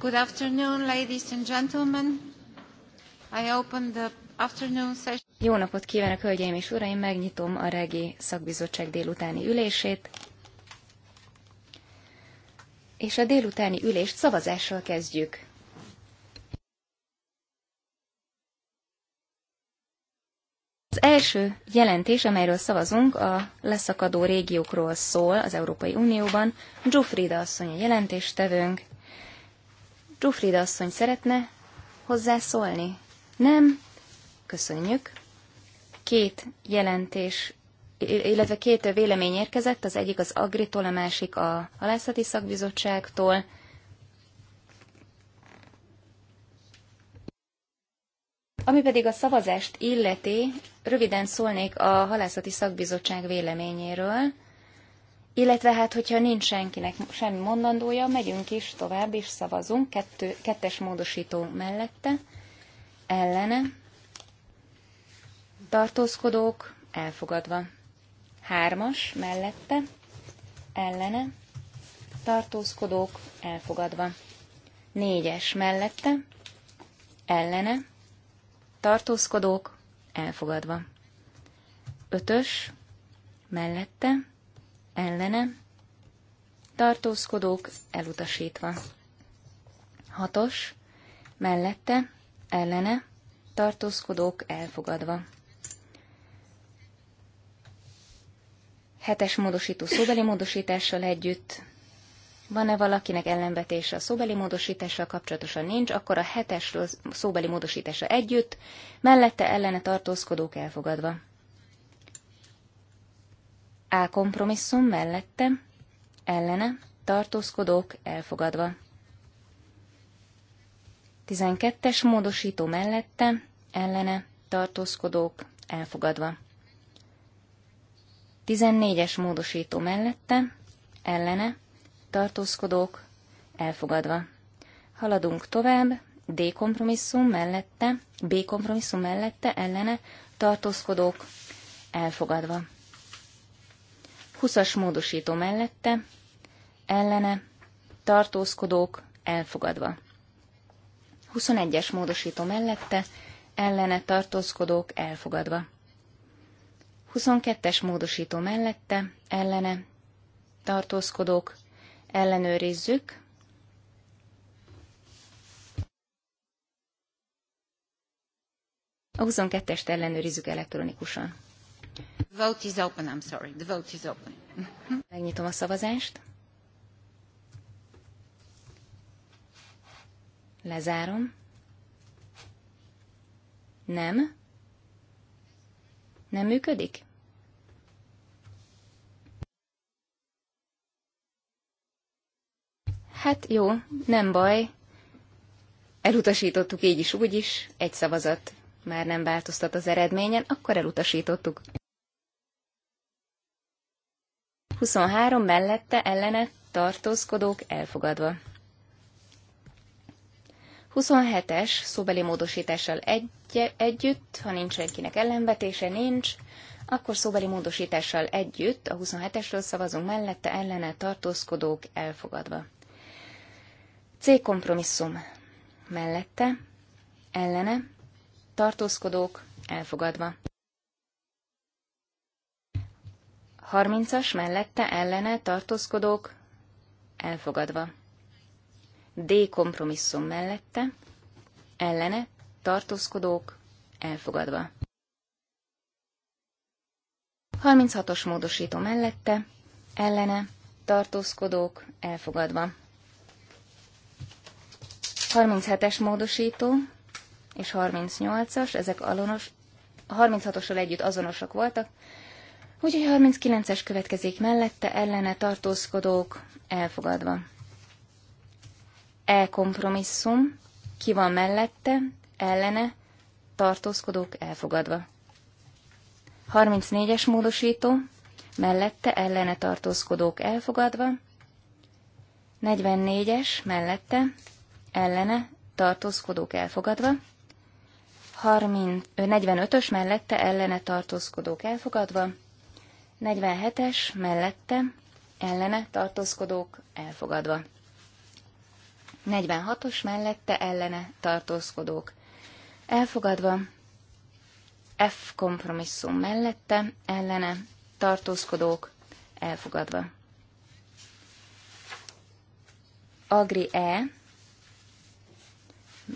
Good afternoon, ladies and gentlemen. I open the afternoon session. Jó napot kívánok, hölgyeim és uraim! Megnyitom a regi szakbizottság délutáni ülését. És a délutáni ülést szavazással kezdjük. Az első jelentés, amelyről szavazunk, a leszakadó régiókról szól az Európai Unióban. Zsufrida asszony a jelentéstevőnk, Zsufrida asszony szeretne hozzászólni? Nem? Köszönjük. Két jelentés, illetve két vélemény érkezett, az egyik az Agritól, a másik a Halászati Szakbizottságtól. Ami pedig a szavazást illeti, röviden szólnék a Halászati Szakbizottság véleményéről. Illetve hát, hogyha nincs senkinek semmi mondandója, megyünk is tovább, és szavazunk kettő, kettes módosító mellette, ellene, tartózkodók elfogadva. Hármas mellette, ellene, tartózkodók elfogadva. Négyes mellette, ellene, tartózkodók elfogadva. Ötös mellette, ellene, tartózkodók elutasítva. Hatos, mellette, ellene, tartózkodók elfogadva. Hetes módosító szóbeli módosítással együtt. Van-e valakinek ellenvetése a szóbeli módosítással kapcsolatosan nincs, akkor a hetesről szóbeli módosítása együtt, mellette ellene tartózkodók elfogadva. A kompromisszum mellette, ellene, tartózkodók elfogadva. 12-es módosító mellette, ellene, tartózkodók elfogadva. 14-es módosító mellette, ellene, tartózkodók elfogadva. Haladunk tovább, D kompromisszum mellette, B kompromisszum mellette, ellene, tartózkodók elfogadva. 20 módosító mellette, ellene, tartózkodók, elfogadva. 21-es módosító mellette, ellene, tartózkodók, elfogadva. 22-es módosító mellette, ellene, tartózkodók, ellenőrizzük. A 22-est ellenőrizzük elektronikusan vote is open, I'm sorry. The vote is open. Megnyitom a szavazást. Lezárom. Nem. Nem működik? Hát jó, nem baj. Elutasítottuk így is, úgy is. Egy szavazat már nem változtat az eredményen, akkor elutasítottuk. 23 mellette ellene tartózkodók elfogadva. 27-es szóbeli módosítással egy, együtt, ha nincs senkinek ellenvetése, nincs, akkor szóbeli módosítással együtt a 27-esről szavazunk mellette ellene tartózkodók elfogadva. C kompromisszum mellette ellene tartózkodók elfogadva. Harmincas mellette ellene tartózkodók elfogadva. D kompromisszum mellette ellene tartózkodók elfogadva. 36-os módosító mellette ellene tartózkodók elfogadva. 37-es módosító és 38-as, ezek alonos, 36-ossal együtt azonosak voltak, Úgyhogy 39-es következik mellette, ellene tartózkodók elfogadva. E kompromisszum, ki van mellette, ellene, tartózkodók elfogadva. 34-es módosító, mellette, ellene tartózkodók elfogadva. 44-es, mellette, ellene, tartózkodók elfogadva. 30, 45-ös mellette ellene tartózkodók elfogadva, 47-es mellette ellene tartózkodók elfogadva. 46-os mellette ellene tartózkodók elfogadva. F kompromisszum mellette ellene tartózkodók elfogadva. Agri E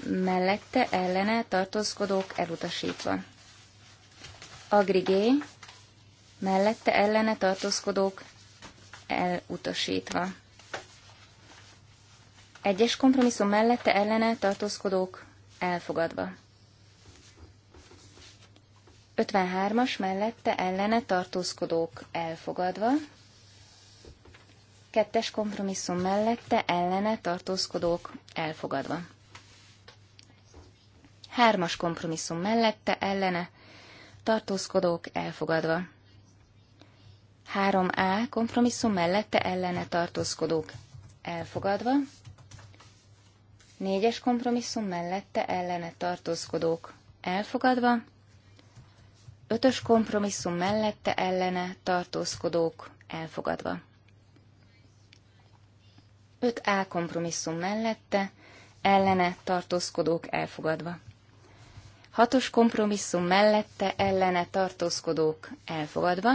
mellette ellene tartózkodók elutasítva. Agri G mellette ellene tartózkodók elutasítva. Egyes kompromisszum mellette ellene tartózkodók elfogadva. 53-as mellette ellene tartózkodók elfogadva. Kettes kompromisszum mellette ellene tartózkodók elfogadva. Hármas kompromisszum mellette ellene tartózkodók elfogadva. 3A kompromisszum mellette ellene tartózkodók elfogadva, 4-es kompromisszum mellette ellene tartózkodók elfogadva, 5-ös kompromisszum mellette ellene tartózkodók elfogadva. 5A kompromisszum mellette ellene tartózkodók elfogadva. 6-os kompromisszum mellette ellene tartózkodók elfogadva.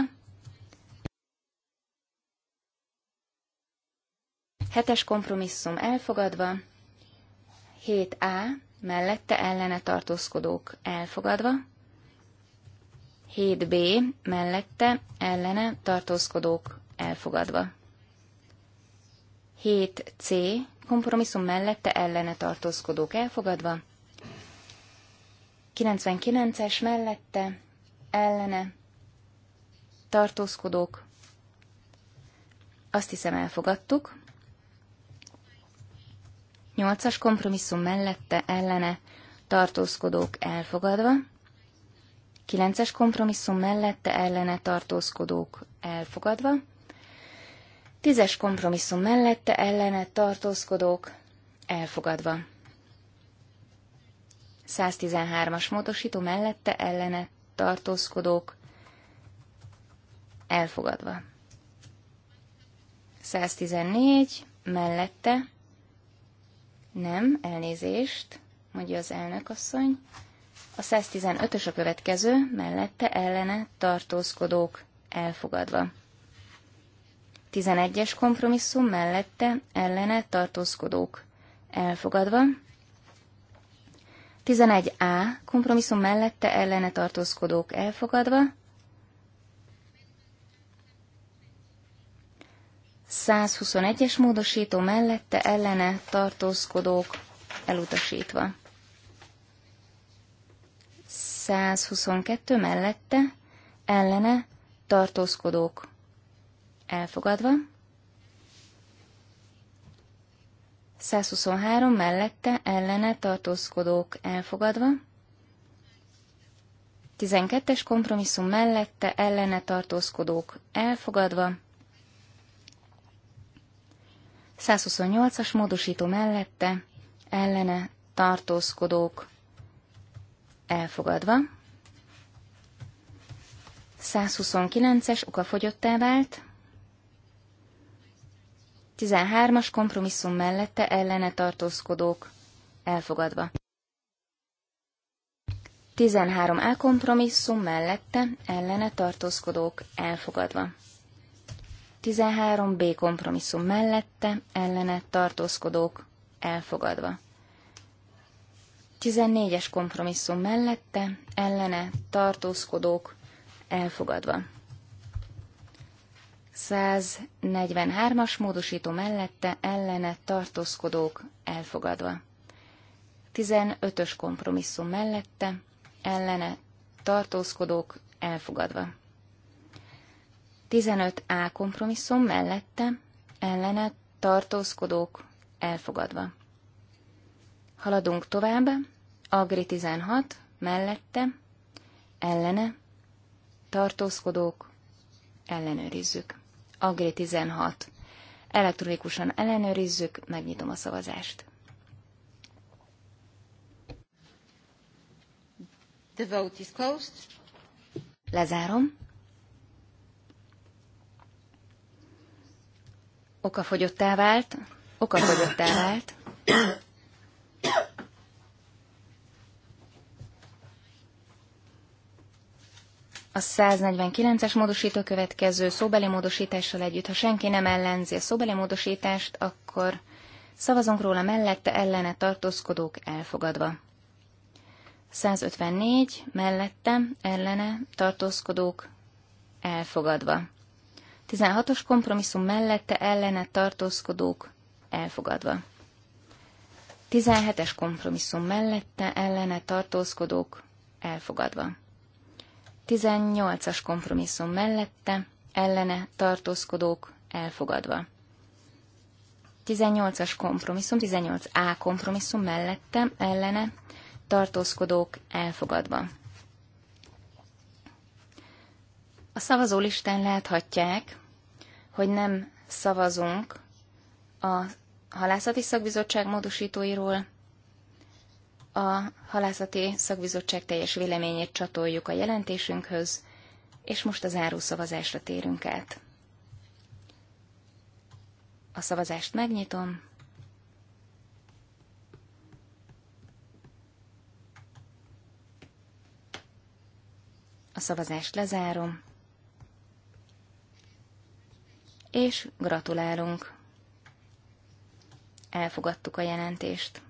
Hetes kompromisszum elfogadva, 7A mellette ellene tartózkodók elfogadva, 7B mellette ellene tartózkodók elfogadva. 7C kompromisszum mellette ellene tartózkodók elfogadva, 99-es mellette ellene tartózkodók. Azt hiszem elfogadtuk. Nyolcas kompromisszum mellette ellene tartózkodók elfogadva. Kilences kompromisszum mellette ellene tartózkodók elfogadva. Tízes kompromisszum mellette ellene tartózkodók elfogadva. 113-as módosító mellette ellene tartózkodók elfogadva. 114 mellette nem, elnézést, mondja az elnökasszony. A 115-ös a következő, mellette ellene tartózkodók elfogadva. 11-es kompromisszum mellette ellene tartózkodók elfogadva. 11A kompromisszum mellette ellene tartózkodók elfogadva. 121-es módosító mellette ellene tartózkodók elutasítva. 122 mellette ellene tartózkodók elfogadva. 123 mellette ellene tartózkodók elfogadva. 12-es kompromisszum mellette ellene tartózkodók elfogadva. 128-as módosító mellette ellene tartózkodók elfogadva. 129-es okafogyottá vált. 13-as kompromisszum mellette ellene tartózkodók elfogadva. 13A kompromisszum mellette ellene tartózkodók elfogadva. 13b kompromisszum mellette, ellene tartózkodók elfogadva. 14-es kompromisszum mellette, ellene tartózkodók elfogadva. 143-as módosító mellette, ellene tartózkodók elfogadva. 15-ös kompromisszum mellette, ellene tartózkodók elfogadva. 15A kompromisszum mellette ellene tartózkodók elfogadva. Haladunk tovább, Agri 16 mellette ellene tartózkodók ellenőrizzük. Agri 16. Elektronikusan ellenőrizzük, megnyitom a szavazást. The vote is closed. Lezárom. okafogyottá vált, okafogyottá vált. A 149-es módosító következő szóbeli módosítással együtt, ha senki nem ellenzi a szóbeli módosítást, akkor szavazunk róla mellette ellene tartózkodók elfogadva. 154 mellette ellene tartózkodók elfogadva. 16-os kompromisszum mellette ellene tartózkodók elfogadva. 17-es kompromisszum mellette ellene tartózkodók elfogadva. 18-as kompromisszum mellette ellene tartózkodók elfogadva. 18-as kompromisszum, 18A kompromisszum mellette ellene tartózkodók elfogadva. A szavazólistán láthatják, hogy nem szavazunk a halászati szakbizottság módosítóiról, a halászati szakbizottság teljes véleményét csatoljuk a jelentésünkhöz, és most a záró szavazásra térünk át. A szavazást megnyitom. A szavazást lezárom és gratulálunk. Elfogadtuk a jelentést.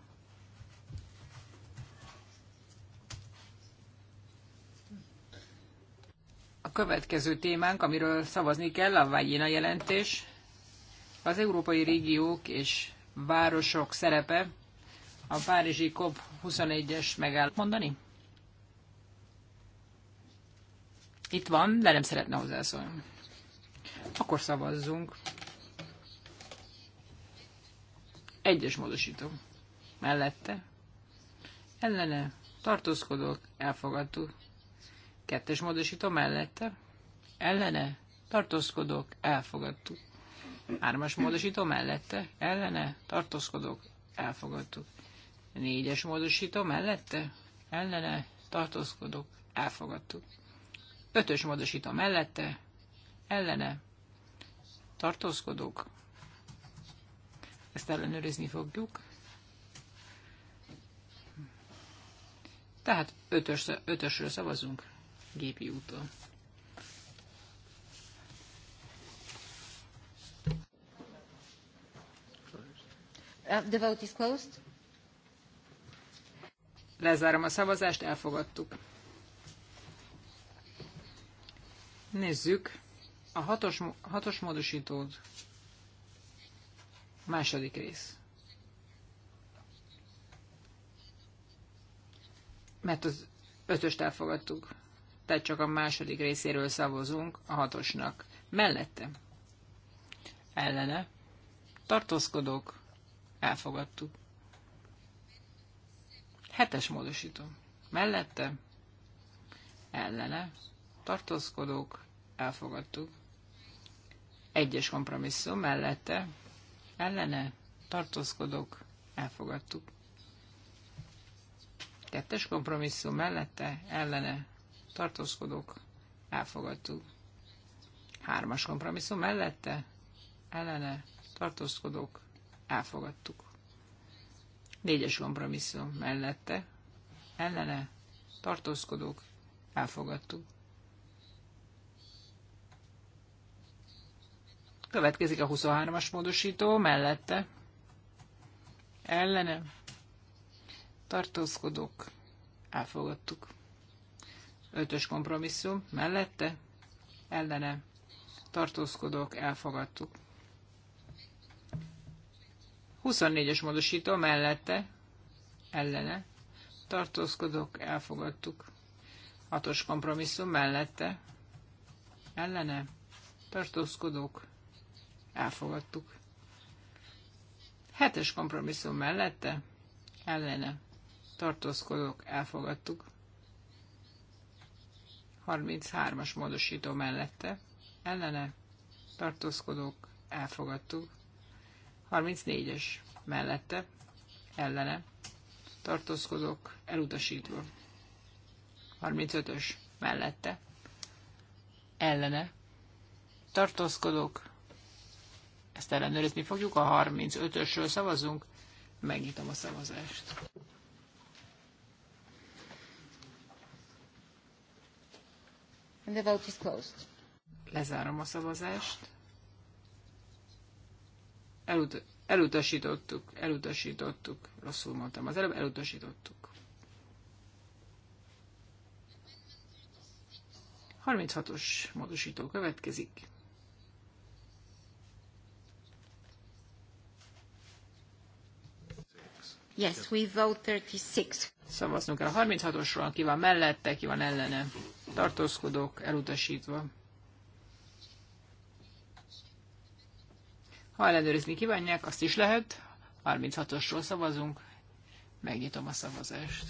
A következő témánk, amiről szavazni kell, a Vágyina jelentés, az európai régiók és városok szerepe a Párizsi COP21-es megáll mondani? Itt van, de nem szeretne hozzászólni. Akkor szavazzunk. Egyes módosítom. Mellette. Ellene. Tartózkodok. Elfogadtuk. Kettes módosítom. mellette. Ellene. Tartózkodok. Elfogadtuk. Hármas módosítom. mellette. Ellene. Tartózkodok. Elfogadtuk. Négyes módosítom. mellette. Ellene. Tartózkodok. Elfogadtuk. Ötös módosítom. mellette. Ellene tartózkodók. Ezt ellenőrizni fogjuk. Tehát ötös, ötösről szavazunk gépi úton. Uh, the vote is closed. Lezárom a szavazást, elfogadtuk. Nézzük a hatos, hatos módosítód második rész. Mert az ötöst elfogadtuk, tehát csak a második részéről szavazunk a hatosnak. Mellette. Ellene. Tartózkodók. Elfogadtuk. Hetes módosító. Mellette. Ellene. Tartózkodók. Elfogadtuk. Egyes kompromisszum mellette ellene tartózkodok, elfogadtuk. Kettes kompromisszum mellette ellene tartózkodok, elfogadtuk. Hármas kompromisszum mellette ellene tartózkodok, elfogadtuk. Négyes kompromisszum mellette ellene tartózkodok, elfogadtuk. Következik a 23-as módosító mellette. Ellene. Tartózkodók. Elfogadtuk. 5-ös kompromisszum mellette. Ellene. Tartózkodók. Elfogadtuk. 24-es módosító mellette. Ellene. Tartózkodók. Elfogadtuk. 6-os kompromisszum mellette. Ellene. Tartózkodók elfogadtuk. Hetes kompromisszum mellette, ellene, tartózkodók, elfogadtuk. 33-as módosító mellette, ellene, tartózkodók, elfogadtuk. 34-es mellette, ellene, tartózkodók, elutasítva. 35-ös mellette, ellene, tartózkodók, ezt ellenőrizni fogjuk. A 35-ösről szavazunk. Megnyitom a szavazást. And the vote is closed. Lezárom a szavazást. Elut- elutasítottuk, elutasítottuk. Rosszul mondtam az előbb, elutasítottuk. 36-os módosító következik. Yes, we vote 36. Szavaznunk kell a 36-osról, aki van mellette, ki van ellene. Tartózkodók elutasítva. Ha ellenőrizni kívánják, azt is lehet. 36-osról szavazunk. Megnyitom a szavazást.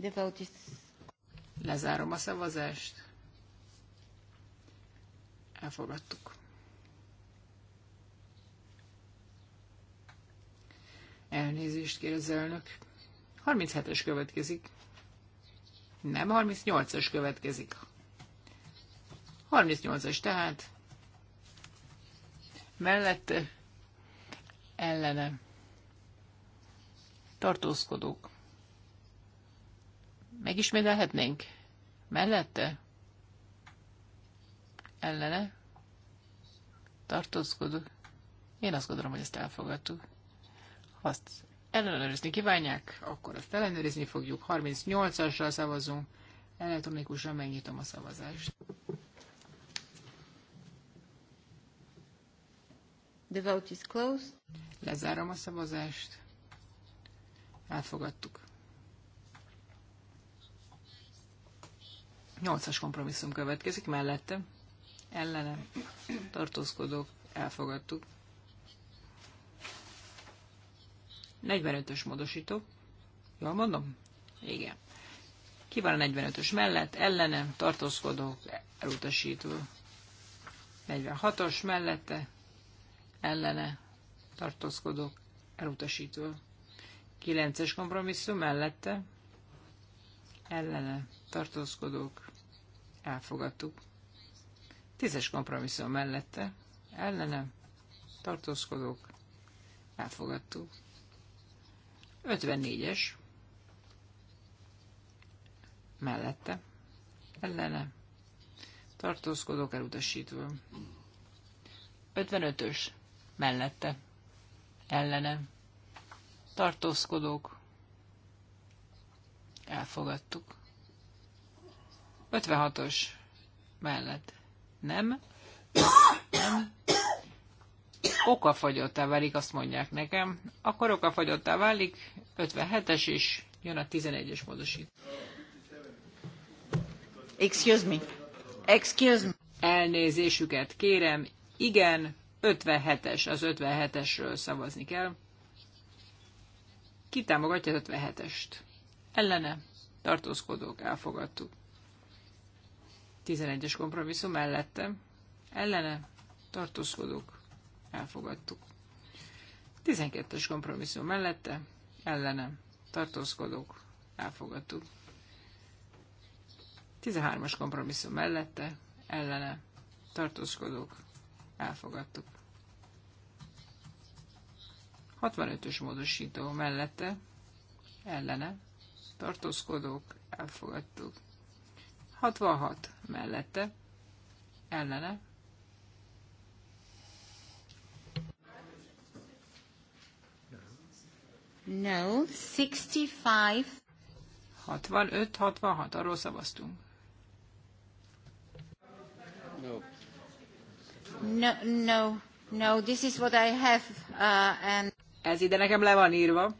The vote is... Lezárom a szavazást. Elfogadtuk. Elnézést kér az elnök. 37-es következik. Nem, 38-as következik. 38-as tehát. Mellette ellene tartózkodók. Megismételhetnénk? Mellette? Ellene? Tartózkodók. Én azt gondolom, hogy ezt elfogadtuk azt ellenőrizni kívánják, akkor azt ellenőrizni fogjuk. 38-assal szavazunk, elektronikusan megnyitom a szavazást. The vote is closed. Lezárom a szavazást. Elfogadtuk. 8-as kompromisszum következik mellette. Ellenem tartózkodók elfogadtuk. 45-ös módosító. Jól mondom? Igen. Ki van a 45-ös mellett? Ellene tartózkodók elutasító. 46-os mellette ellene tartózkodók elutasító. 9-es kompromisszum mellette ellene tartózkodók elfogadtuk. 10-es kompromisszum mellette ellene tartózkodók elfogadtuk. 54-es mellette ellene tartózkodók elutasítva. 55-ös mellette ellene tartózkodók elfogadtuk. 56-os mellett nem, nem, okafagyottá válik, azt mondják nekem, akkor okafagyottá válik, 57-es is, jön a 11-es módosít. Excuse me. Excuse me. Elnézésüket kérem, igen, 57-es, az 57-esről szavazni kell. Ki támogatja az 57-est? Ellene, tartózkodók, elfogadtuk. 11-es kompromisszum mellette, ellene, tartózkodók, elfogadtuk. 12-es kompromisszum mellette, ellenem, tartózkodók, elfogadtuk. 13-as kompromisszum mellette, ellene, tartózkodók, elfogadtuk. 65-ös módosító mellette, ellene, tartózkodók, elfogadtuk. 66 mellette, ellene, No, 65. 65-66, arról szavaztunk. No. No, no, no, this is what I have, uh, and... Ez ide nekem le van írva.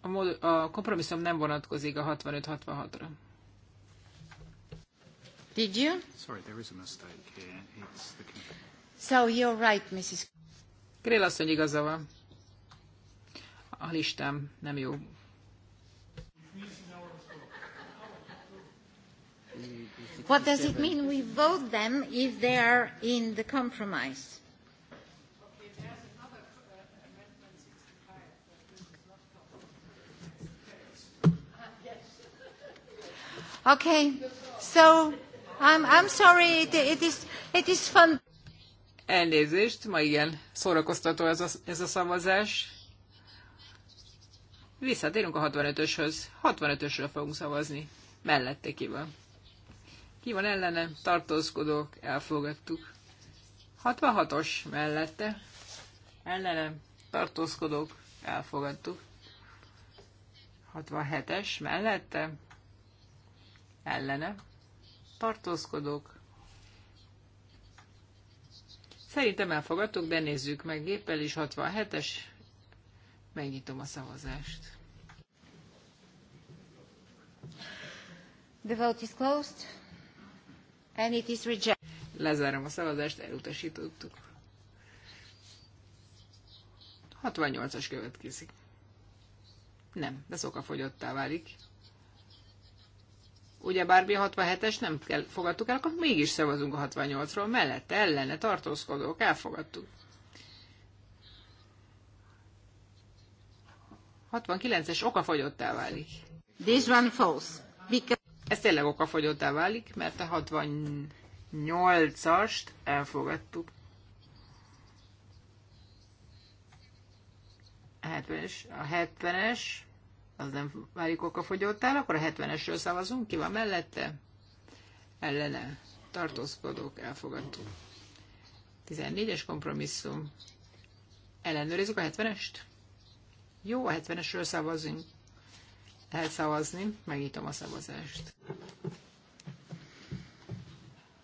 A, mód, a kompromisszum nem vonatkozik a 65-66-ra. Did you? Sorry, there is a mistake here. It's the... So you're right, Mrs. Krél asszony igaza van a listám nem jó. What does it mean we vote them if they are in the compromise? Okay, so I'm, I'm sorry, it, it, is, it is fun. Elnézést, ma igen, szórakoztató ez a, ez a szavazás. Visszatérünk a 65-öshöz. 65-ösről fogunk szavazni. Mellette ki van. Ki van ellene? Tartózkodók. Elfogadtuk. 66-os mellette. Ellene. Tartózkodók. Elfogadtuk. 67-es mellette. Ellene. Tartózkodók. Szerintem elfogadtuk, de nézzük meg géppel is 67-es Megnyitom a szavazást. The vote is closed. And it is rejected. Lezárom a szavazást, elutasítottuk. 68-as következik. Nem, de szokafogyottá válik. Ugye bármi 67-es nem kell, fogadtuk el, akkor mégis szavazunk a 68-ról. Mellette, ellene, tartózkodók, elfogadtuk. 69-es okafogyottá válik. This one false. Because... Ez tényleg okafogyottá válik, mert a 68-ast elfogadtuk. 70-es, a 70-es, az nem válik okafogyottál, akkor a 70-esről szavazunk, ki van mellette? Ellene. Tartózkodók, elfogadtuk. 14-es kompromisszum. Ellenőrizzük a 70-est? Jó, a 70-esről szavazunk. Lehet szavazni, megnyitom a szavazást.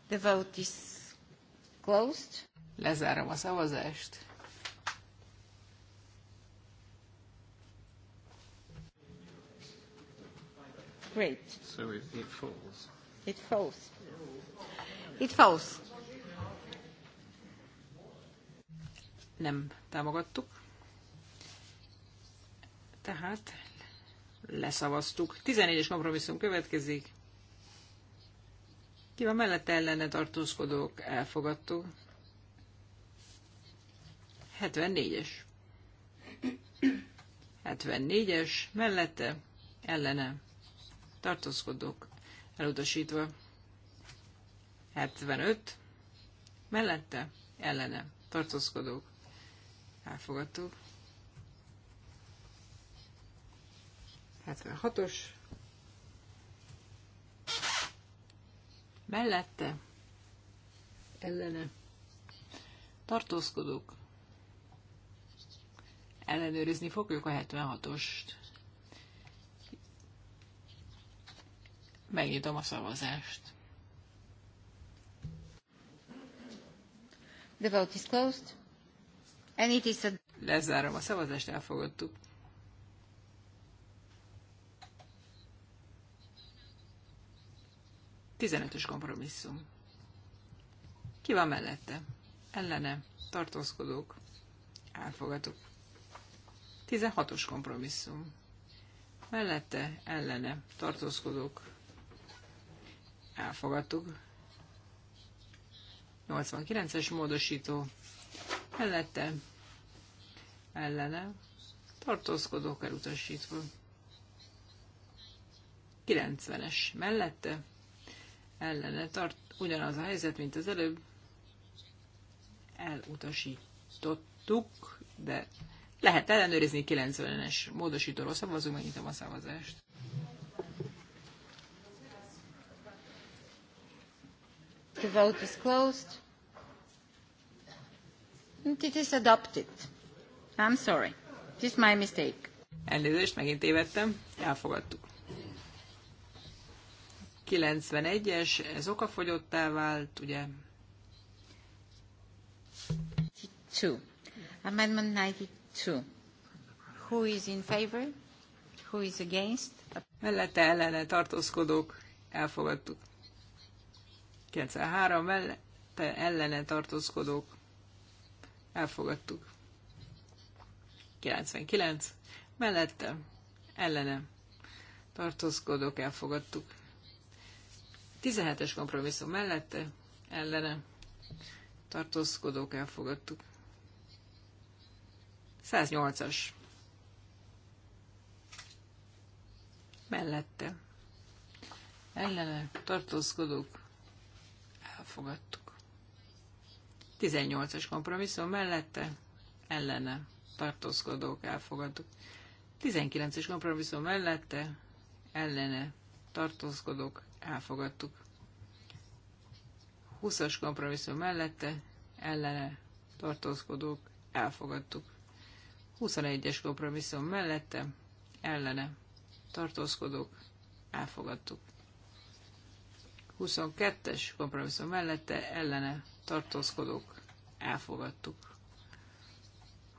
The vote is closed. Lezárom a szavazást. Great. So it, it falls. It falls. It falls. Nem támogattuk. Tehát leszavaztuk. 14-es kompromisszum következik. Ki van mellette ellene tartózkodók? Elfogadtuk. 74-es. 74-es mellette ellene tartózkodók elutasítva. 75 mellette ellene tartózkodók elfogadtuk. 76-os. Mellette. Ellene. Tartózkodók. Ellenőrizni fogjuk a 76-ost. Megnyitom a szavazást. The vote is closed. And it is a... Lezárom a szavazást, elfogadtuk. 15-ös kompromisszum. Ki van mellette? Ellene. Tartózkodók. Elfogadok. 16-os kompromisszum. Mellette, ellene. Tartózkodók. Elfogadtuk. 89-es módosító. Mellette, ellene. Tartózkodók elutasítva. 90-es mellette, ellene tart, ugyanaz a helyzet, mint az előbb, elutasítottuk, de lehet ellenőrizni 90-es módosítóról szavazunk, megnyitom a szavazást. The vote is closed. And it is adopted. I'm sorry. This is my mistake. Elnézést, megint tévedtem. Elfogadtuk. 91-es, ez okafogyottá vált, ugye? 92. Amendment 92. Who is in favor? Who is against? Mellette ellene tartózkodók elfogadtuk. 93 mellette ellene tartózkodók elfogadtuk. 99 mellette ellene tartózkodók elfogadtuk. 17-es kompromisszum mellette ellene tartózkodók elfogadtuk. 108-as mellette ellene tartózkodók elfogadtuk. 18-as kompromisszum mellette ellene tartózkodók elfogadtuk. 19-es kompromisszum mellette ellene tartózkodók elfogadtuk. 20-as kompromisszum mellette, ellene tartózkodók, elfogadtuk. 21-es kompromisszum mellette, ellene tartózkodók, elfogadtuk. 22-es kompromisszum mellette, ellene tartózkodók, elfogadtuk.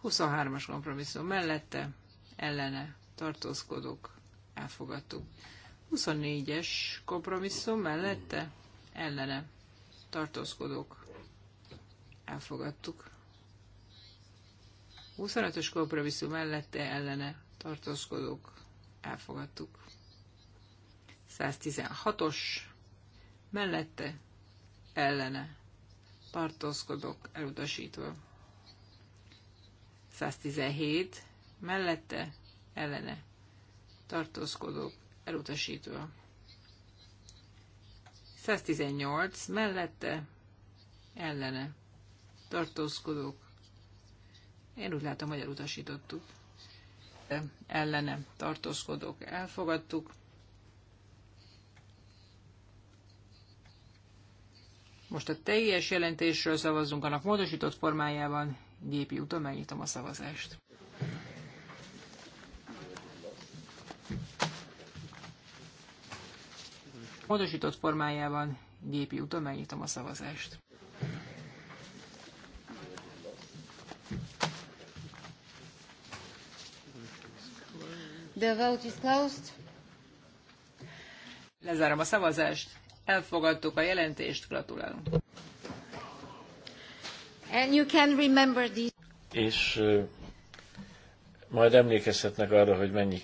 23-as kompromisszum mellette, ellene tartózkodók, elfogadtuk. 24-es kompromisszum mellette ellene tartózkodók. Elfogadtuk. 25-ös kompromisszum mellette ellene tartózkodók. Elfogadtuk. 116-os mellette ellene tartózkodók elutasítva. 117 mellette ellene tartózkodók elutasítva. 118 mellette ellene tartózkodók. Én úgy látom, hogy elutasítottuk. Ellene tartózkodók elfogadtuk. Most a teljes jelentésről szavazzunk annak módosított formájában. Gépi úton megnyitom a szavazást. módosított formájában gépi úton megnyitom a szavazást. The vote is closed. Lezárom a szavazást. Elfogadtuk a jelentést, gratulálunk. And you can remember this. És uh, majd emlékezhetnek arra, hogy mennyi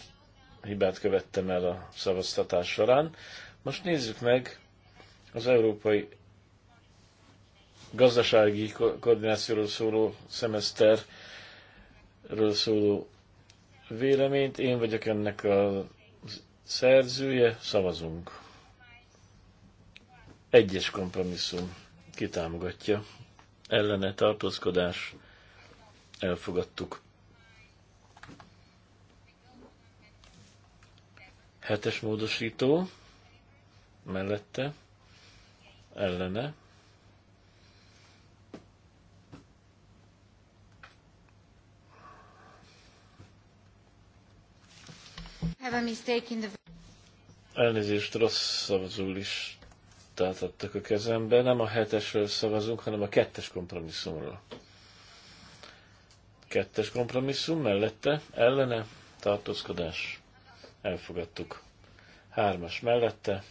hibát követtem el a szavaztatás során. Most nézzük meg az európai gazdasági koordinációról szóló szemeszterről szóló véleményt. Én vagyok ennek a szerzője, szavazunk. Egyes kompromisszum kitámogatja. Ellene tartózkodás elfogadtuk. Hetes módosító mellette, ellene, Elnézést, rossz szavazó listát adtak a kezembe. Nem a hetesről szavazunk, hanem a kettes kompromisszumról. Kettes kompromisszum mellette, ellene, tartózkodás. Elfogadtuk. Hármas mellette,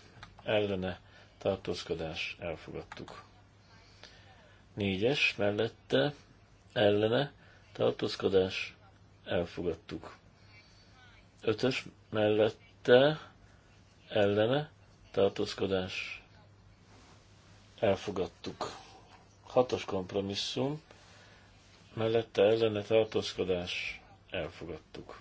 ellene tartózkodás elfogadtuk. Négyes mellette ellene tartózkodás elfogadtuk. Ötös mellette ellene tartózkodás elfogadtuk. Hatos kompromisszum mellette ellene tartózkodás elfogadtuk.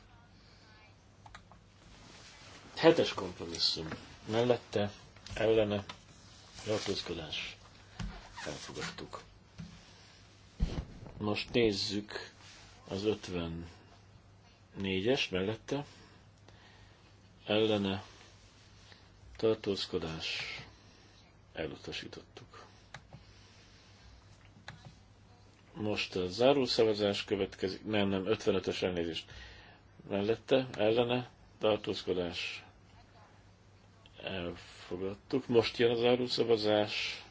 Hetes kompromisszum mellette ellene ratózkodás. elfogadtuk. Most nézzük az 54-es mellette ellene tartózkodás elutasítottuk. Most a zárószavazás következik, nem, nem, 55-ös elnézést mellette, ellene tartózkodás elfogadtuk. Most jön az áruszavazás.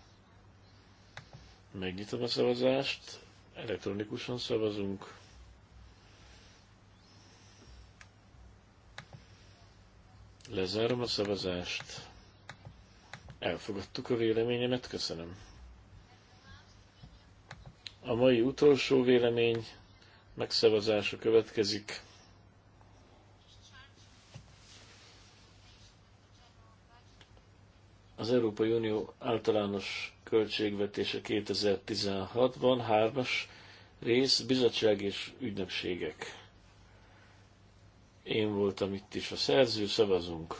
Megnyitom a szavazást. Elektronikusan szavazunk. Lezárom a szavazást. Elfogadtuk a véleményemet, köszönöm. A mai utolsó vélemény megszavazása következik. az Európai Unió általános költségvetése 2016-ban, hármas rész, bizottság és ügynökségek. Én voltam itt is a szerző, szavazunk.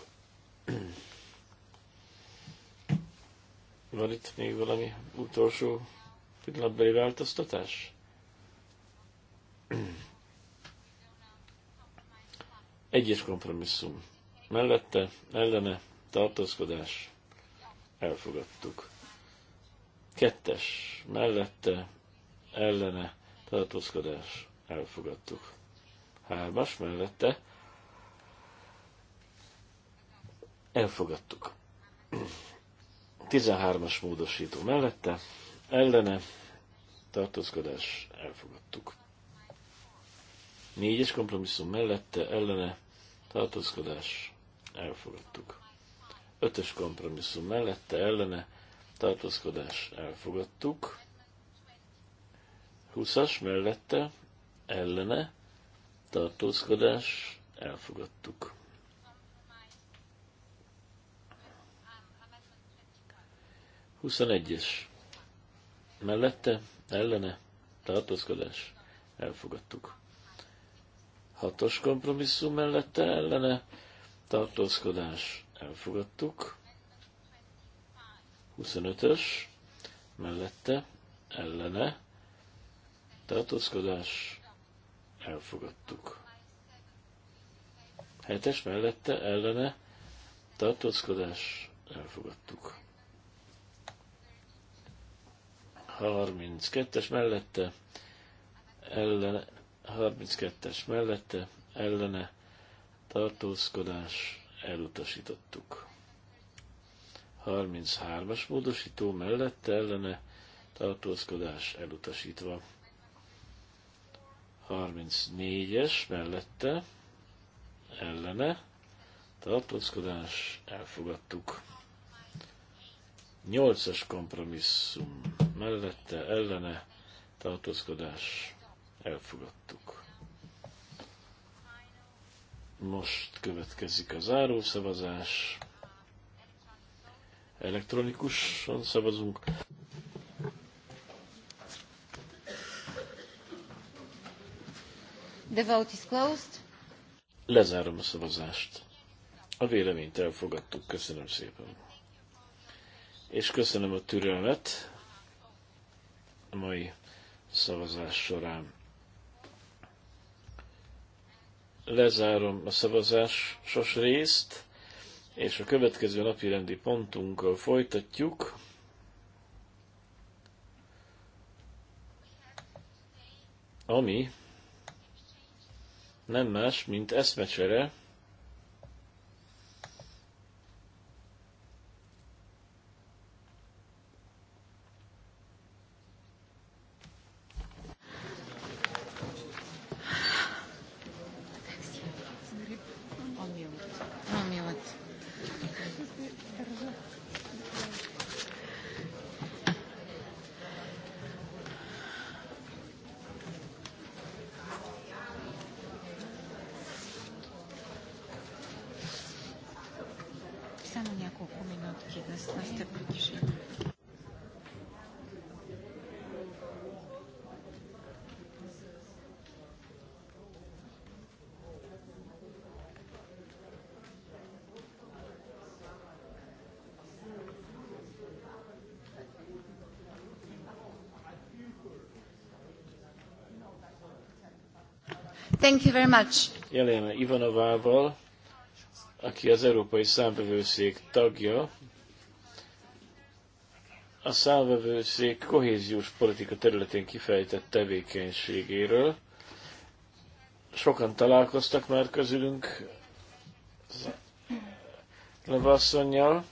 Van itt még valami utolsó pillanatbeli változtatás? Egyes kompromisszum. Mellette, ellene, tartózkodás elfogadtuk. Kettes mellette ellene tartózkodás elfogadtuk. Hármas mellette elfogadtuk. Tizenhármas módosító mellette ellene tartózkodás elfogadtuk. Négyes kompromisszum mellette ellene tartózkodás elfogadtuk. Ötös kompromisszum mellette ellene tartózkodás elfogadtuk. 20-as mellette ellene tartózkodás elfogadtuk. Huszonegyes mellette ellene tartózkodás elfogadtuk. Hatos kompromisszum mellette ellene tartózkodás elfogadtuk. 25-ös mellette ellene tartózkodás elfogadtuk. 7-es mellette ellene tartózkodás elfogadtuk. 32-es mellette ellene 32-es mellette ellene tartózkodás elutasítottuk. 33-as módosító mellette ellene tartózkodás elutasítva. 34-es mellette ellene tartózkodás elfogadtuk. 8-as kompromisszum mellette ellene tartózkodás elfogadtuk. Most következik a záró szavazás. Elektronikusan szavazunk. The vote is closed. Lezárom a szavazást. A véleményt elfogadtuk. Köszönöm szépen. És köszönöm a türelmet a mai szavazás során lezárom a szavazásos részt, és a következő napi rendi pontunkkal folytatjuk. Ami nem más, mint eszmecsere, Thank you very much. Jelena Ivanovával, aki az Európai Számvevőszék tagja. A számvevőszék kohéziós politika területén kifejtett tevékenységéről. Sokan találkoztak már közülünk Levasszonyjal,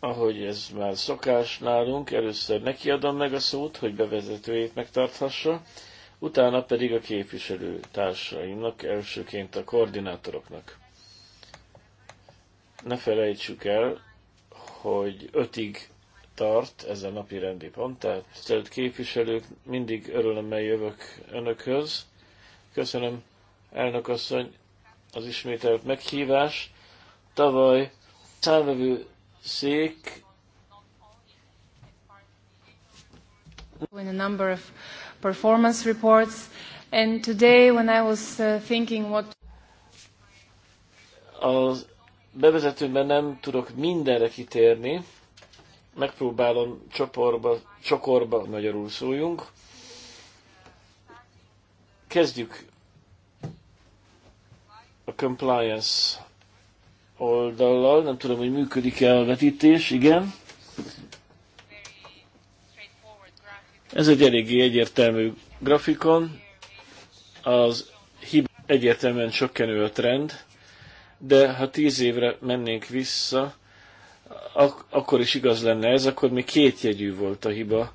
ahogy ez már szokás nálunk, először neki adom meg a szót, hogy bevezetőjét megtarthassa utána pedig a képviselő társaimnak, elsőként a koordinátoroknak. Ne felejtsük el, hogy ötig tart ez a napi rendi pont, tehát tisztelt képviselők, mindig örülömmel jövök önökhöz. Köszönöm, elnök asszony, az ismételt meghívás. Tavaly számvevő szék performance reports. And today when I was uh, thinking what az bevezetőben nem tudok mindenre kitérni, megpróbálom csoporba, csokorba magyarul szóljunk. Kezdjük a compliance oldallal, nem tudom, hogy működik-e a vetítés, igen. Ez egy eléggé egyértelmű grafikon, az hiba egyértelműen csökkenő a trend, de ha tíz évre mennénk vissza, ak- akkor is igaz lenne ez, akkor még jegyű volt a hiba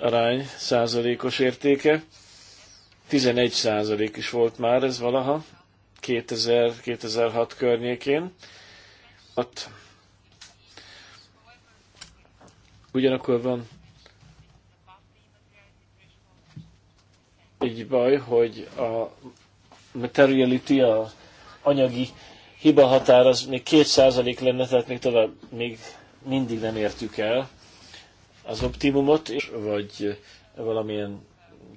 arány százalékos értéke. 11 százalék is volt már ez valaha, 2000-2006 környékén. Ott ugyanakkor van egy baj, hogy a materiality, a anyagi hiba határ az még két százalék lenne, tehát még tovább, még mindig nem értük el az optimumot, vagy valamilyen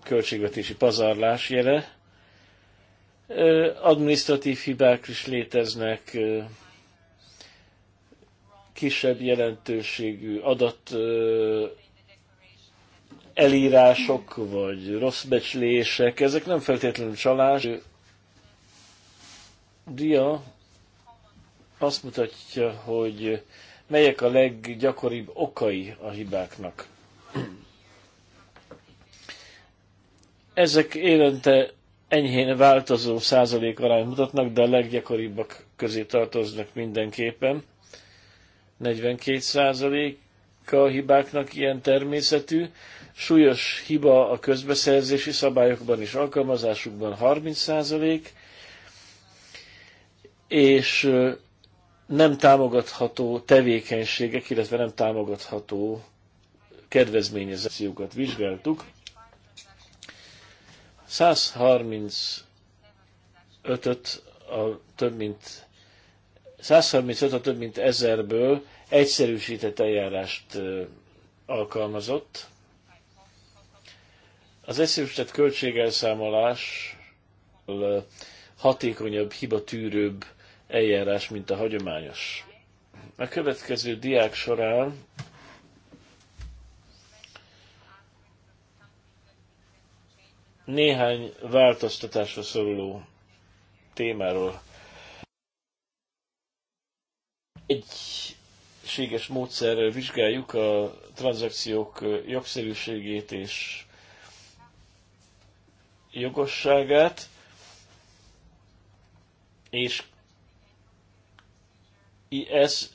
költségvetési pazarlás jele. Administratív hibák is léteznek, kisebb jelentőségű adat elírások, vagy rossz becslések, ezek nem feltétlenül csalás. Dia azt mutatja, hogy melyek a leggyakoribb okai a hibáknak. Ezek évente enyhén változó százalék arány mutatnak, de a leggyakoribbak közé tartoznak mindenképpen. 42 százalék, a hibáknak ilyen természetű. Súlyos hiba a közbeszerzési szabályokban és alkalmazásukban 30%, és nem támogatható tevékenységek, illetve nem támogatható kedvezményezetciókat vizsgáltuk. 135 a több mint 135 a több mint ezerből egyszerűsített eljárást alkalmazott. Az egyszerűsített költségelszámolás hatékonyabb, hibatűrőbb eljárás, mint a hagyományos. A következő diák során néhány változtatásra szoruló témáról. Egy egységes módszerrel vizsgáljuk a tranzakciók jogszerűségét és jogosságát, és ez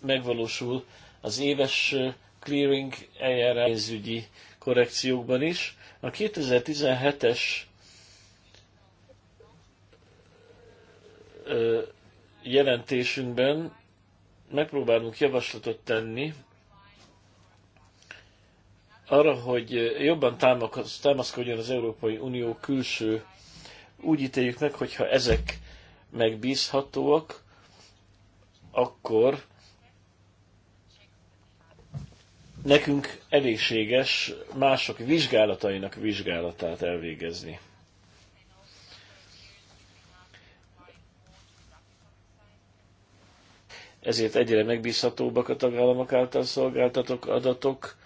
megvalósul az éves clearing eljárásügyi korrekciókban is. A 2017-es jelentésünkben megpróbálunk javaslatot tenni arra, hogy jobban támaszkodjon az Európai Unió külső, úgy ítéljük meg, hogyha ezek megbízhatóak, akkor nekünk elégséges mások vizsgálatainak vizsgálatát elvégezni. ezért egyre megbízhatóbbak a tagállamok által szolgáltatok adatok,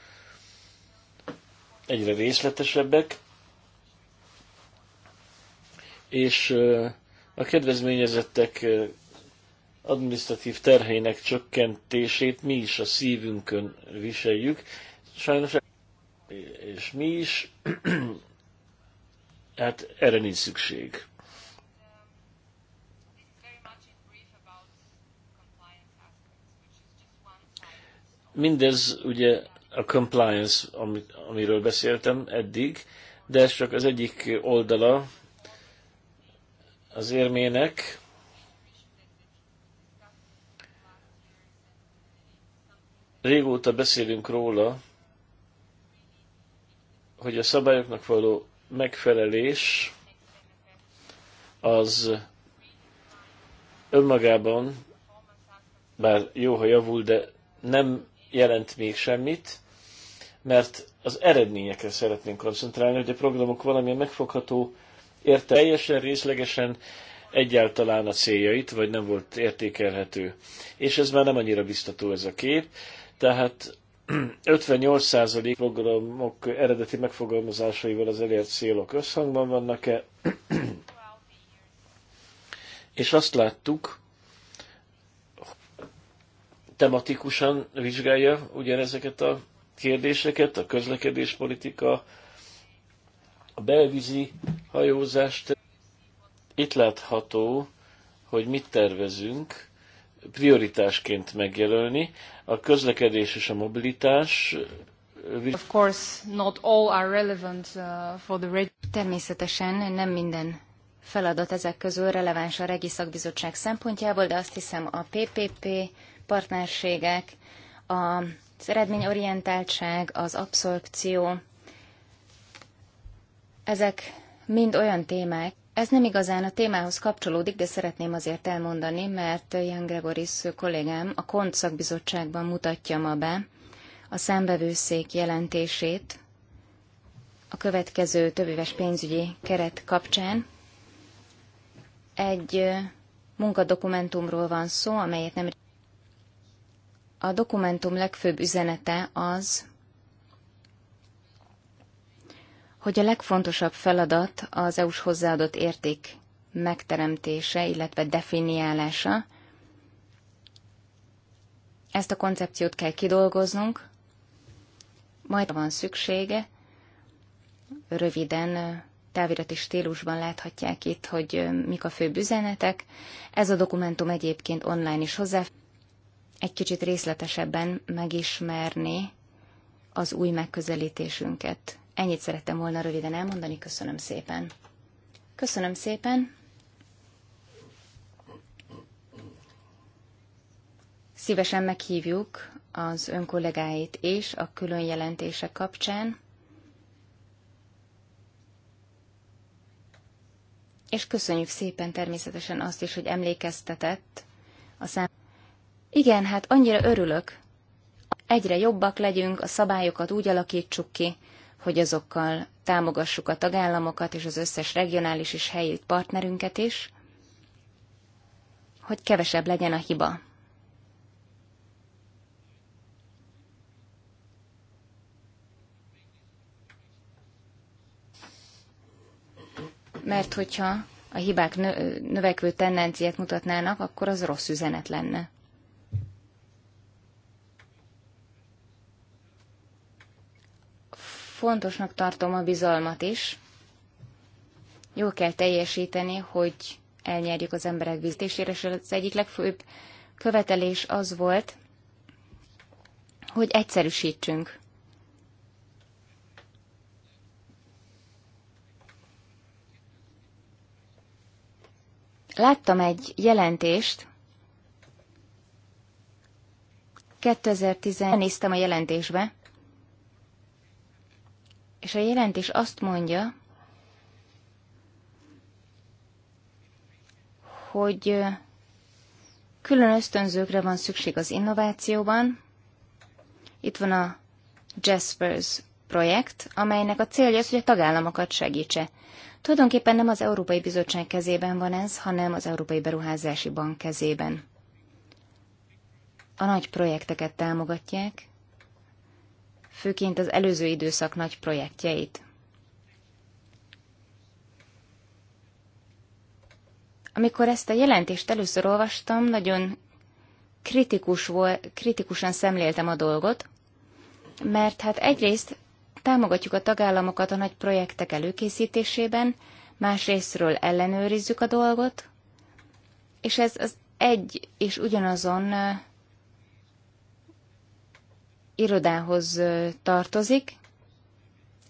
egyre részletesebbek, és a kedvezményezettek administratív terheinek csökkentését mi is a szívünkön viseljük. Sajnos és mi is, hát erre nincs szükség. Mindez ugye a compliance, amiről beszéltem eddig, de ez csak az egyik oldala az érmének. Régóta beszélünk róla, hogy a szabályoknak való megfelelés az önmagában, bár jó, ha javul, de nem jelent még semmit, mert az eredményekre szeretnénk koncentrálni, hogy a programok valamilyen megfogható érte teljesen részlegesen egyáltalán a céljait, vagy nem volt értékelhető. És ez már nem annyira biztató ez a kép, tehát 58% programok eredeti megfogalmazásaival az elért célok összhangban vannak-e, és azt láttuk, tematikusan vizsgálja ugyanezeket a kérdéseket, a közlekedéspolitika, a belvízi hajózást. Itt látható, hogy mit tervezünk prioritásként megjelölni. A közlekedés és a mobilitás Of course, not all are relevant uh, for the Természetesen nem minden feladat ezek közül releváns a regiszakbizottság szempontjából, de azt hiszem a PPP partnerségek, az eredményorientáltság, az abszorpció, ezek mind olyan témák, ez nem igazán a témához kapcsolódik, de szeretném azért elmondani, mert Jan Gregoris kollégám a KONT szakbizottságban mutatja ma be a szembevőszék jelentését a következő többéves pénzügyi keret kapcsán. Egy munkadokumentumról van szó, amelyet nem a dokumentum legfőbb üzenete az, hogy a legfontosabb feladat az EU-s hozzáadott érték megteremtése, illetve definiálása. Ezt a koncepciót kell kidolgoznunk, majd van szüksége. Röviden, távirati stílusban láthatják itt, hogy mik a főbb üzenetek. Ez a dokumentum egyébként online is hozzáférhető egy kicsit részletesebben megismerni az új megközelítésünket. Ennyit szerettem volna röviden elmondani, köszönöm szépen. Köszönöm szépen. Szívesen meghívjuk az kollégáit és a külön jelentése kapcsán. És köszönjük szépen természetesen azt is, hogy emlékeztetett a szem. Igen, hát annyira örülök. Egyre jobbak legyünk, a szabályokat úgy alakítsuk ki, hogy azokkal támogassuk a tagállamokat és az összes regionális és helyi partnerünket is, hogy kevesebb legyen a hiba. Mert hogyha a hibák növekvő tendenciát mutatnának, akkor az rossz üzenet lenne. fontosnak tartom a bizalmat is. Jól kell teljesíteni, hogy elnyerjük az emberek biztésére, és az egyik legfőbb követelés az volt, hogy egyszerűsítsünk. Láttam egy jelentést, 2010 ben néztem a jelentésbe, és a jelentés azt mondja, hogy külön ösztönzőkre van szükség az innovációban. Itt van a Jaspers projekt, amelynek a célja az, hogy a tagállamokat segítse. Tulajdonképpen nem az Európai Bizottság kezében van ez, hanem az Európai Beruházási Bank kezében. A nagy projekteket támogatják, főként az előző időszak nagy projektjeit. Amikor ezt a jelentést először olvastam, nagyon kritikus volt, kritikusan szemléltem a dolgot, mert hát egyrészt támogatjuk a tagállamokat a nagy projektek előkészítésében, másrésztről ellenőrizzük a dolgot, és ez az egy és ugyanazon irodához tartozik.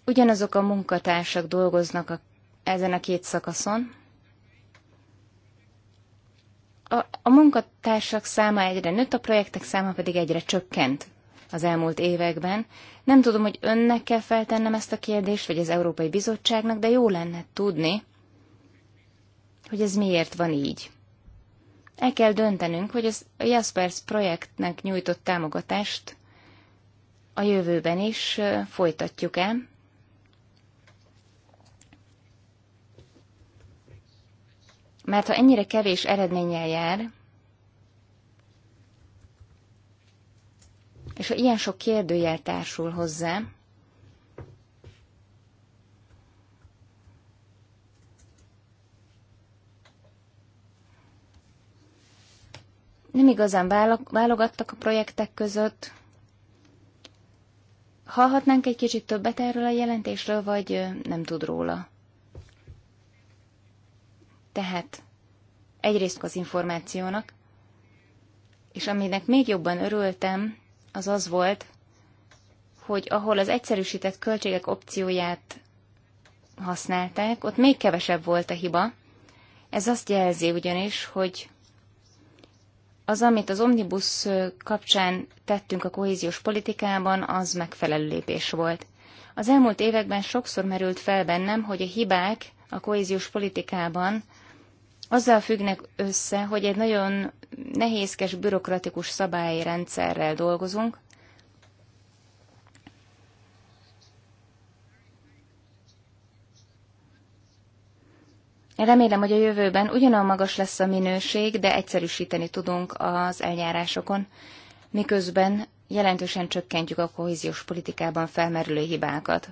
Ugyanazok a munkatársak dolgoznak a, ezen a két szakaszon. A, a munkatársak száma egyre nőtt, a projektek száma pedig egyre csökkent az elmúlt években. Nem tudom, hogy önnek kell feltennem ezt a kérdést, vagy az Európai Bizottságnak, de jó lenne tudni, hogy ez miért van így. El kell döntenünk, hogy az Jaspers projektnek nyújtott támogatást a jövőben is folytatjuk-e. Mert ha ennyire kevés eredménnyel jár, és ha ilyen sok kérdőjel társul hozzá, nem igazán válogattak a projektek között, Hallhatnánk egy kicsit többet erről a jelentésről, vagy nem tud róla? Tehát egyrészt az információnak, és aminek még jobban örültem, az az volt, hogy ahol az egyszerűsített költségek opcióját használták, ott még kevesebb volt a hiba. Ez azt jelzi ugyanis, hogy az, amit az Omnibus kapcsán tettünk a kohéziós politikában, az megfelelő lépés volt. Az elmúlt években sokszor merült fel bennem, hogy a hibák a kohéziós politikában azzal függnek össze, hogy egy nagyon nehézkes, bürokratikus szabályrendszerrel dolgozunk, Remélem, hogy a jövőben ugyanolyan magas lesz a minőség, de egyszerűsíteni tudunk az eljárásokon, miközben jelentősen csökkentjük a kohéziós politikában felmerülő hibákat.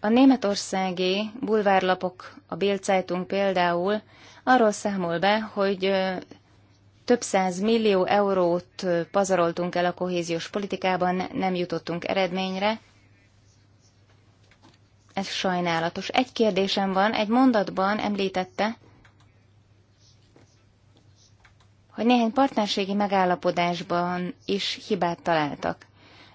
A németországi bulvárlapok, a Bild Zeitung például arról számol be, hogy több száz millió eurót pazaroltunk el a kohéziós politikában, nem jutottunk eredményre. Ez sajnálatos. Egy kérdésem van, egy mondatban említette, hogy néhány partnerségi megállapodásban is hibát találtak.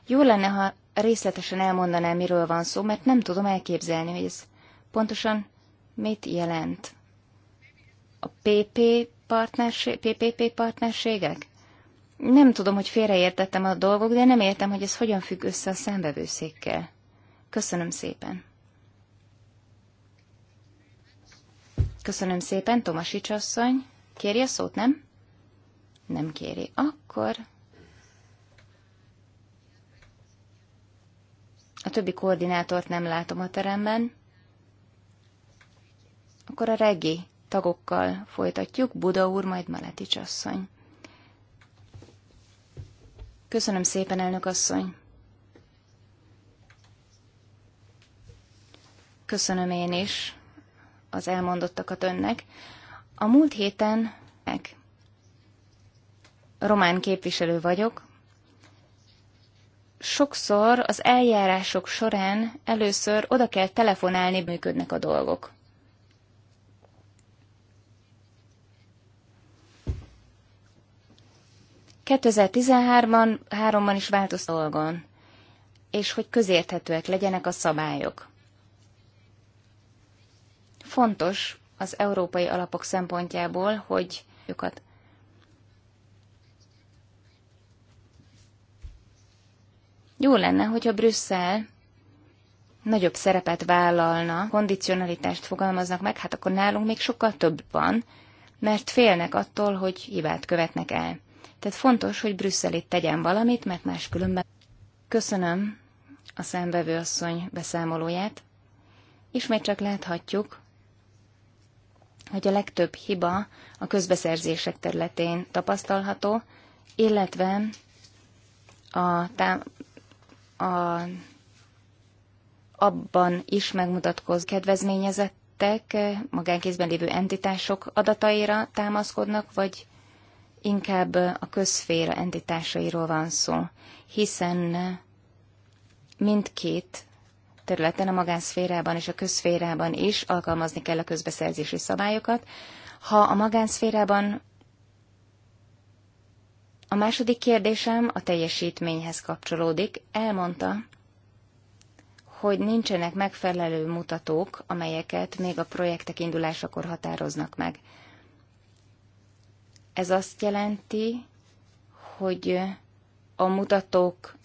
Jó lenne, ha részletesen elmondaná, miről van szó, mert nem tudom elképzelni, hogy ez pontosan mit jelent. A PP partnerség, PPP partnerségek? Nem tudom, hogy félreértettem a dolgok, de nem értem, hogy ez hogyan függ össze a szembevőszékkel. Köszönöm szépen. Köszönöm szépen, Tomasics asszony. Kéri a szót, nem? Nem kéri. Akkor... A többi koordinátort nem látom a teremben. Akkor a reggi tagokkal folytatjuk. Buda úr, majd Maletics asszony. Köszönöm szépen, elnök asszony. Köszönöm én is az elmondottakat önnek. A múlt héten meg román képviselő vagyok. Sokszor az eljárások során először oda kell telefonálni, működnek a dolgok. 2013-ban, háromban is változ dolgon, és hogy közérthetőek legyenek a szabályok. Fontos az európai alapok szempontjából, hogy őket Jó lenne, hogyha Brüsszel nagyobb szerepet vállalna, kondicionalitást fogalmaznak meg, hát akkor nálunk még sokkal több van, mert félnek attól, hogy hibát követnek el. Tehát fontos, hogy Brüsszel itt tegyen valamit, mert máskülönben... Köszönöm a számbevő asszony beszámolóját. Ismét csak láthatjuk, hogy a legtöbb hiba a közbeszerzések területén tapasztalható, illetve a, tá- a abban is megmutatkoz kedvezményezettek magánkézben lévő entitások adataira támaszkodnak, vagy inkább a közféra entitásairól van szó, hiszen mindkét területen, a magánszférában és a közszférában is alkalmazni kell a közbeszerzési szabályokat. Ha a magánszférában a második kérdésem a teljesítményhez kapcsolódik. Elmondta, hogy nincsenek megfelelő mutatók, amelyeket még a projektek indulásakor határoznak meg. Ez azt jelenti, hogy a mutatók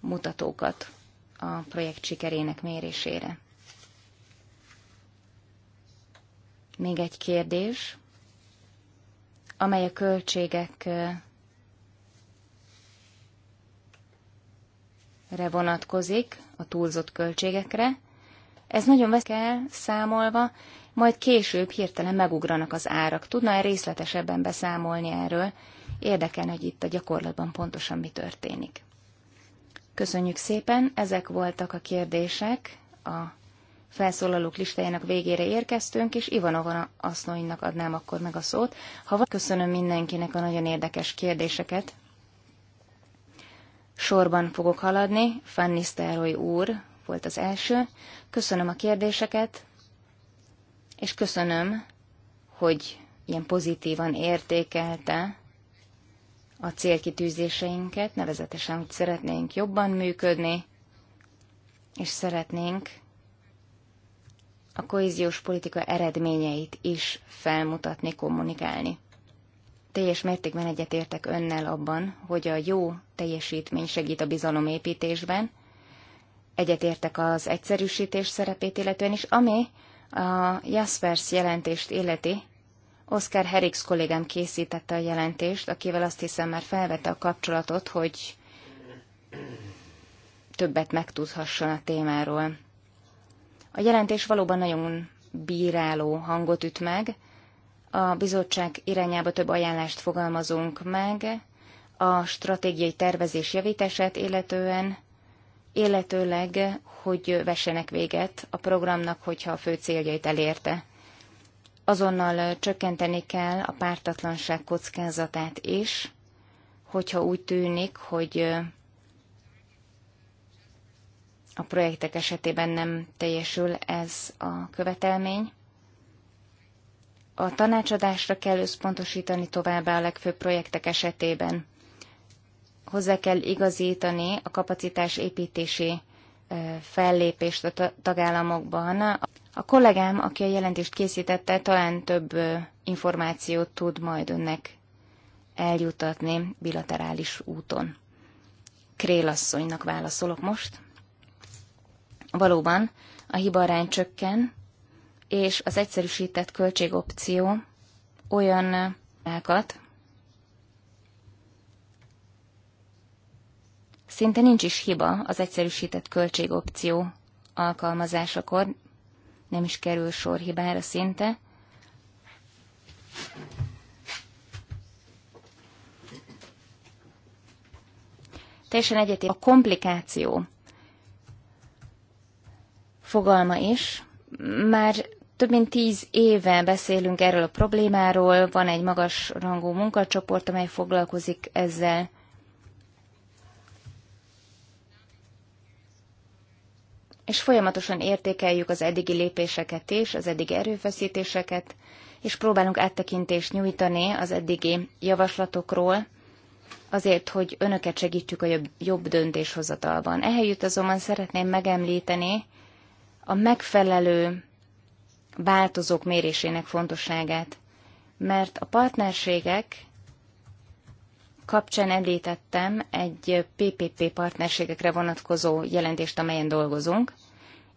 mutatókat a projekt sikerének mérésére. Még egy kérdés, amely a re vonatkozik, a túlzott költségekre. Ez nagyon veszélyes számolva, majd később hirtelen megugranak az árak. Tudna-e részletesebben beszámolni erről? Érdekelne, hogy itt a gyakorlatban pontosan mi történik. Köszönjük szépen, ezek voltak a kérdések. A felszólalók listájának végére érkeztünk, és Ivanova asszonynak adnám akkor meg a szót. Ha köszönöm mindenkinek a nagyon érdekes kérdéseket. Sorban fogok haladni. Fanny Sterroy úr volt az első. Köszönöm a kérdéseket, és köszönöm, hogy ilyen pozitívan értékelte a célkitűzéseinket, nevezetesen, hogy szeretnénk jobban működni, és szeretnénk a kohéziós politika eredményeit is felmutatni, kommunikálni. Teljes mértékben egyetértek önnel abban, hogy a jó teljesítmény segít a bizalomépítésben, egyetértek az egyszerűsítés szerepét illetően is, ami a Jaspers jelentést illeti, Oscar Herix kollégám készítette a jelentést, akivel azt hiszem már felvette a kapcsolatot, hogy többet megtudhasson a témáról. A jelentés valóban nagyon bíráló hangot üt meg, a bizottság irányába több ajánlást fogalmazunk meg, a stratégiai tervezés javítását illetően, illetőleg, hogy vessenek véget a programnak, hogyha a fő céljait elérte. Azonnal csökkenteni kell a pártatlanság kockázatát is, hogyha úgy tűnik, hogy a projektek esetében nem teljesül ez a követelmény. A tanácsadásra kell összpontosítani továbbá a legfőbb projektek esetében hozzá kell igazítani a kapacitás építési fellépést a tagállamokban. A kollégám, aki a jelentést készítette, talán több információt tud majd önnek eljutatni bilaterális úton. Krélasszonynak válaszolok most. Valóban a hibarány csökken, és az egyszerűsített költségopció olyan ákat, Szinte nincs is hiba az egyszerűsített költségopció alkalmazásakor, nem is kerül sor hibára szinte. Teljesen egyetért a komplikáció fogalma is. Már több mint tíz éve beszélünk erről a problémáról, van egy magas rangú munkacsoport, amely foglalkozik ezzel. és folyamatosan értékeljük az eddigi lépéseket és az eddigi erőfeszítéseket, és próbálunk áttekintést nyújtani az eddigi javaslatokról, azért, hogy önöket segítsük a jobb, jobb döntéshozatalban. Ehelyütt azonban szeretném megemlíteni a megfelelő változók mérésének fontosságát, mert a partnerségek kapcsán említettem egy PPP partnerségekre vonatkozó jelentést, amelyen dolgozunk.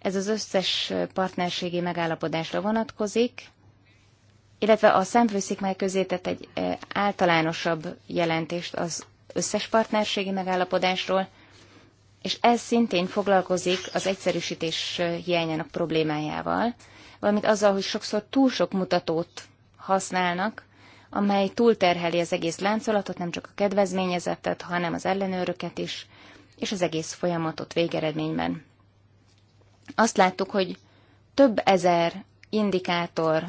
Ez az összes partnerségi megállapodásra vonatkozik, illetve a szemfőszik meg közé tett egy e, általánosabb jelentést az összes partnerségi megállapodásról, és ez szintén foglalkozik az egyszerűsítés e, hiányának problémájával, valamint azzal, hogy sokszor túl sok mutatót használnak, amely túlterheli az egész láncolatot, nem csak a kedvezményezettet, hanem az ellenőröket is, és az egész folyamatot végeredményben. Azt láttuk, hogy több ezer indikátor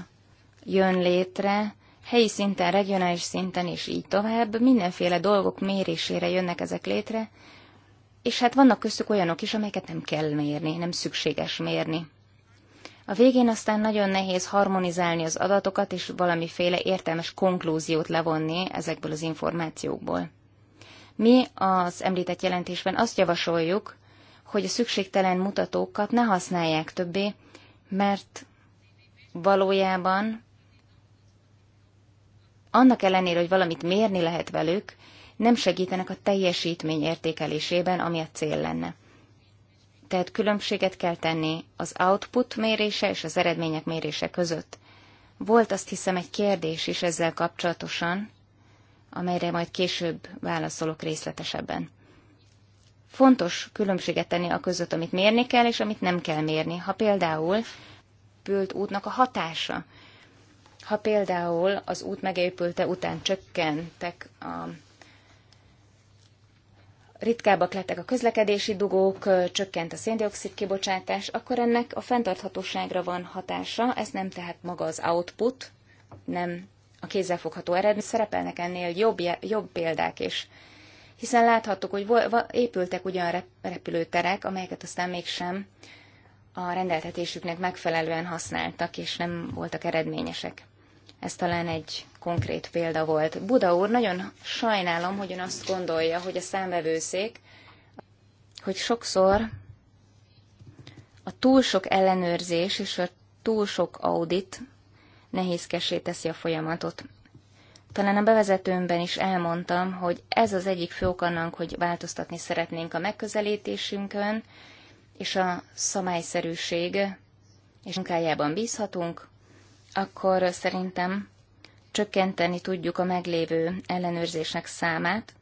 jön létre, helyi szinten, regionális szinten és így tovább, mindenféle dolgok mérésére jönnek ezek létre, és hát vannak köztük olyanok is, amelyeket nem kell mérni, nem szükséges mérni. A végén aztán nagyon nehéz harmonizálni az adatokat és valamiféle értelmes konklúziót levonni ezekből az információkból. Mi az említett jelentésben azt javasoljuk, hogy a szükségtelen mutatókat ne használják többé, mert valójában annak ellenére, hogy valamit mérni lehet velük, nem segítenek a teljesítmény értékelésében, ami a cél lenne. Tehát különbséget kell tenni az output mérése és az eredmények mérése között. Volt azt hiszem egy kérdés is ezzel kapcsolatosan, amelyre majd később válaszolok részletesebben. Fontos különbséget tenni a között, amit mérni kell, és amit nem kell mérni. Ha például pült útnak a hatása, ha például az út megépülte után csökkentek a ritkábbak lettek a közlekedési dugók, csökkent a széndiokszid kibocsátás, akkor ennek a fenntarthatóságra van hatása, ez nem tehát maga az output, nem a kézzelfogható eredmény, szerepelnek ennél jobb, jobb példák is. Hiszen láthattuk, hogy épültek ugyan repülőterek, amelyeket aztán mégsem a rendeltetésüknek megfelelően használtak, és nem voltak eredményesek. Ez talán egy konkrét példa volt. Buda úr, nagyon sajnálom, hogy ön azt gondolja, hogy a számbevőszék, hogy sokszor a túl sok ellenőrzés és a túl sok audit nehézkesé teszi a folyamatot. Talán a bevezetőmben is elmondtam, hogy ez az egyik fő ok annak, hogy változtatni szeretnénk a megközelítésünkön, és a szabályszerűség és munkájában bízhatunk, akkor szerintem csökkenteni tudjuk a meglévő ellenőrzések számát,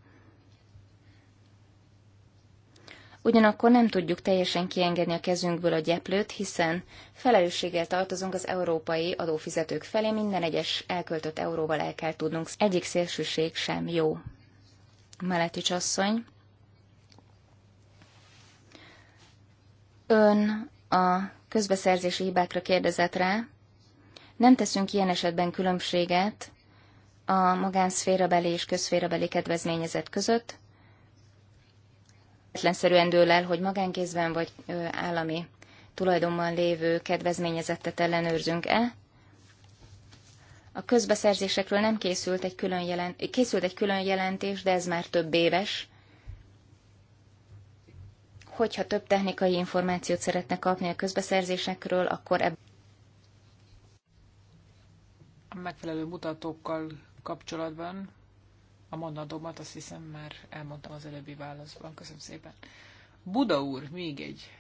Ugyanakkor nem tudjuk teljesen kiengedni a kezünkből a gyeplőt, hiszen felelősséggel tartozunk az európai adófizetők felé, minden egyes elköltött euróval el kell tudnunk. Egyik szélsőség sem jó. Meletics asszony. Ön a közbeszerzési hibákra kérdezett rá. Nem teszünk ilyen esetben különbséget a magánszférabeli és közszférabeli kedvezményezet között. Egyetlenszerűen dől el, hogy magánkézben vagy állami tulajdonban lévő kedvezményezettet ellenőrzünk-e. A közbeszerzésekről nem készült egy külön jelent, készült egy külön jelentés, de ez már több éves. Hogyha több technikai információt szeretne kapni a közbeszerzésekről, akkor ebből a megfelelő mutatókkal kapcsolatban a mondatomat azt hiszem már elmondtam az előbbi válaszban. Köszönöm szépen. Buda úr még egy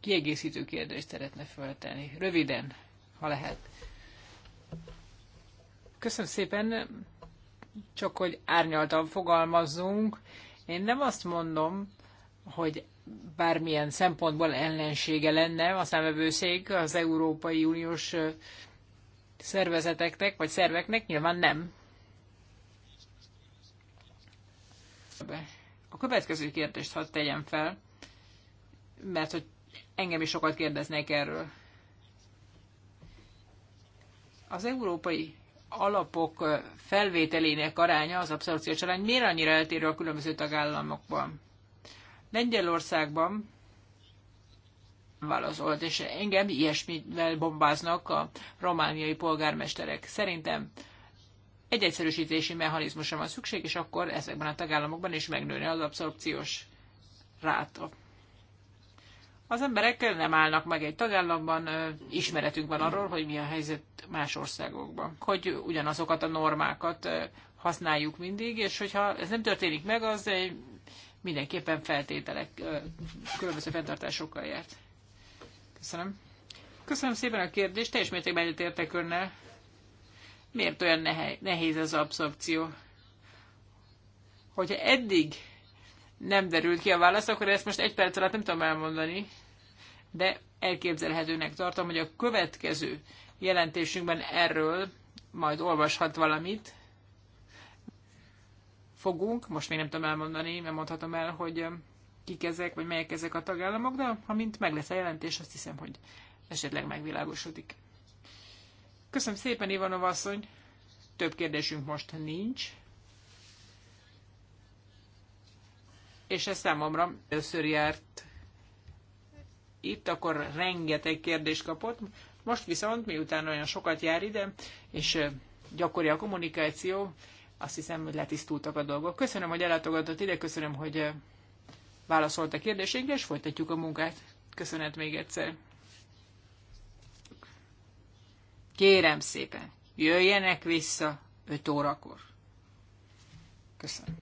kiegészítő kérdést szeretne feltenni. Röviden, ha lehet. Köszönöm szépen, csak hogy árnyaltan fogalmazzunk. Én nem azt mondom, hogy bármilyen szempontból ellensége lenne a számvevőszék az Európai Uniós szervezeteknek, vagy szerveknek nyilván nem. A következő kérdést hadd tegyem fel, mert hogy engem is sokat kérdeznek erről. Az európai alapok felvételének aránya az abszorpciós arány miért annyira eltérő a különböző tagállamokban? Lengyelországban válaszolt, és engem ilyesmivel bombáznak a romániai polgármesterek. Szerintem egy egyszerűsítési mechanizmusra van szükség, és akkor ezekben a tagállamokban is megnőne az abszorpciós ráta. Az emberek nem állnak meg egy tagállamban, ismeretünk van arról, hogy mi a helyzet más országokban. Hogy ugyanazokat a normákat használjuk mindig, és hogyha ez nem történik meg, az egy mindenképpen feltételek, különböző fenntartásokkal járt. Köszönöm. Köszönöm szépen a kérdést, teljes mértékben egyetértek önnel. Miért olyan nehéz ez az abszorpció? Hogyha eddig nem derült ki a válasz, akkor ezt most egy perc alatt nem tudom elmondani, de elképzelhetőnek tartom, hogy a következő jelentésünkben erről majd olvashat valamit. Fogunk, most még nem tudom elmondani, mert mondhatom el, hogy kik ezek, vagy melyek ezek a tagállamok, de ha mint meg lesz a jelentés, azt hiszem, hogy esetleg megvilágosodik. Köszönöm szépen, Ivanov asszony! Több kérdésünk most nincs. És ez számomra először járt itt, akkor rengeteg kérdést kapott. Most viszont, miután olyan sokat jár ide, és gyakori a kommunikáció, azt hiszem, hogy letisztultak a dolgok. Köszönöm, hogy ellátogatott ide, köszönöm, hogy válaszolt a kérdésünkre, és folytatjuk a munkát. Köszönet még egyszer. Kérem szépen, jöjjenek vissza 5 órakor. Köszönöm.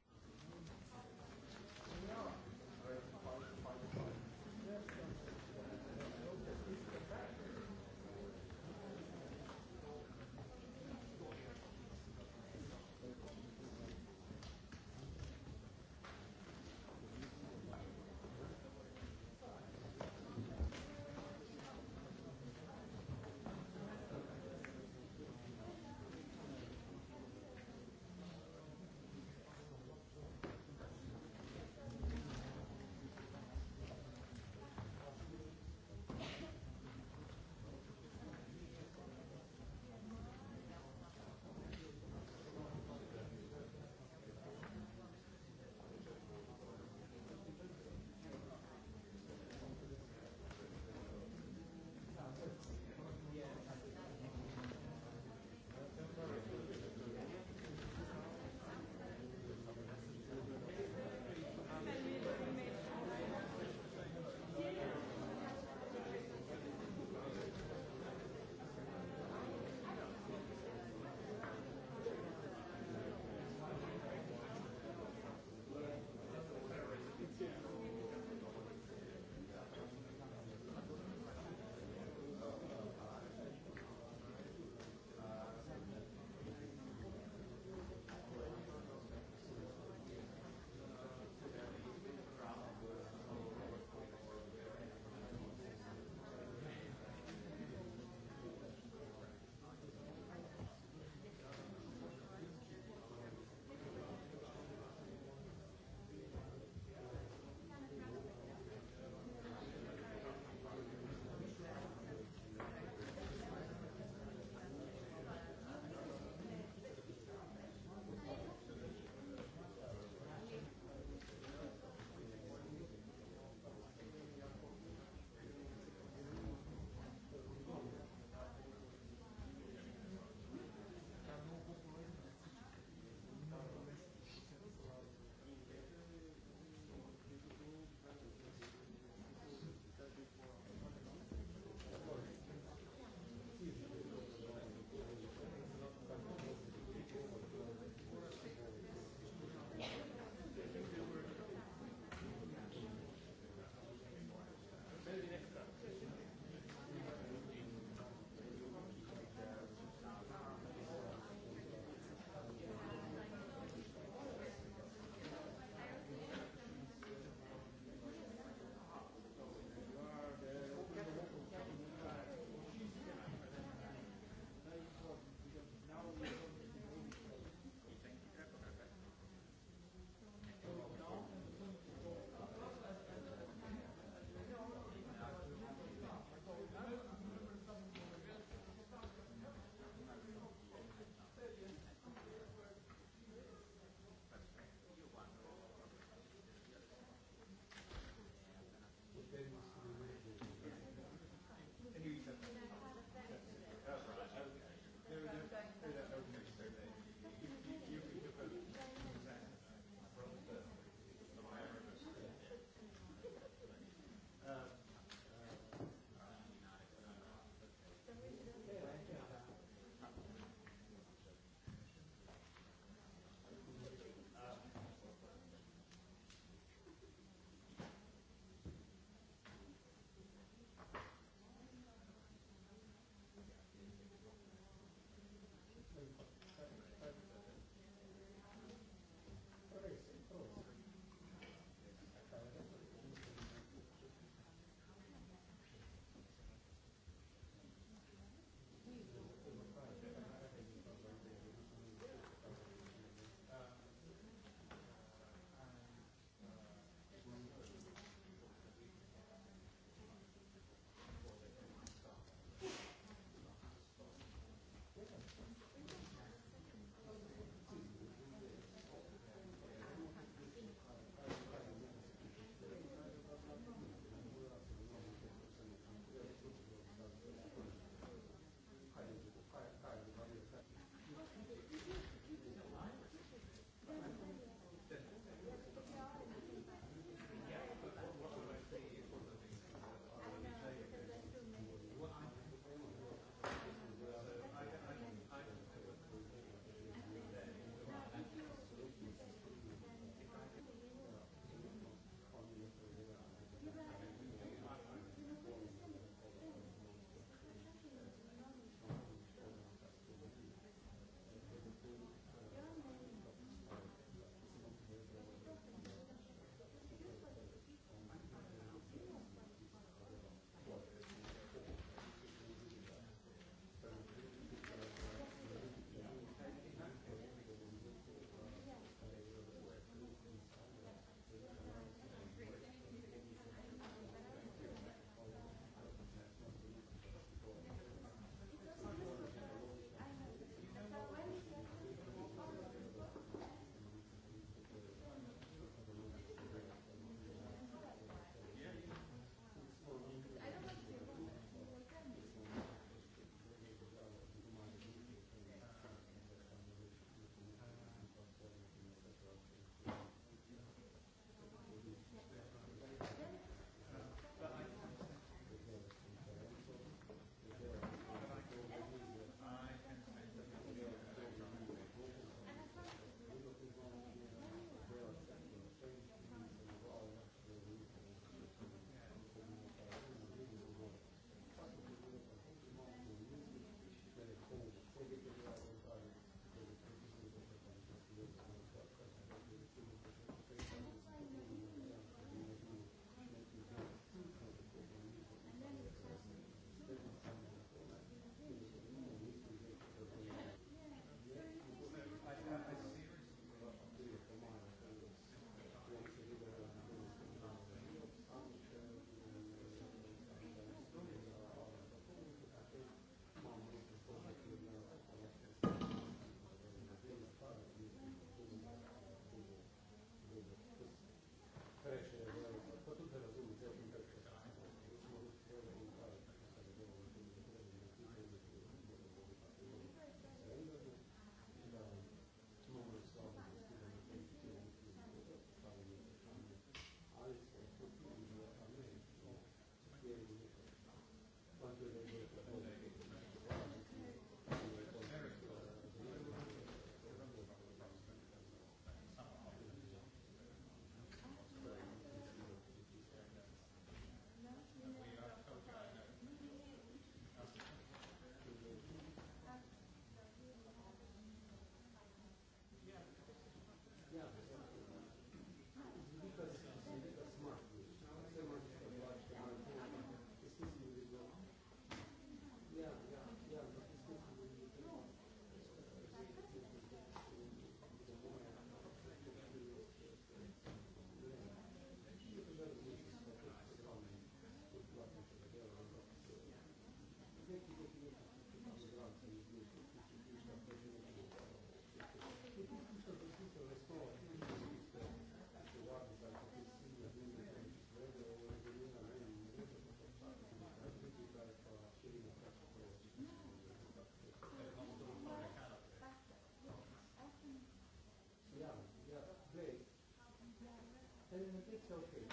okay.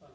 Pár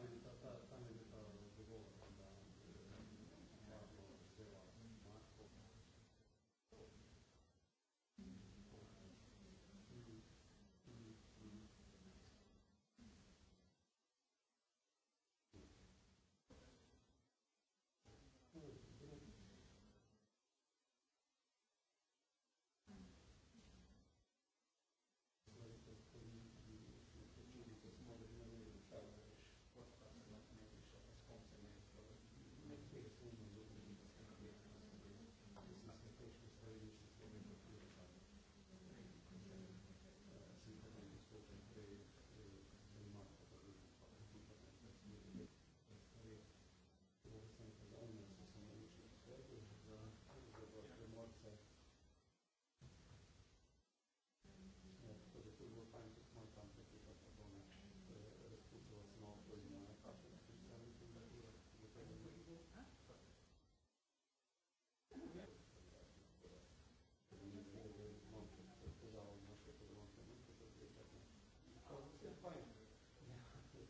fajn,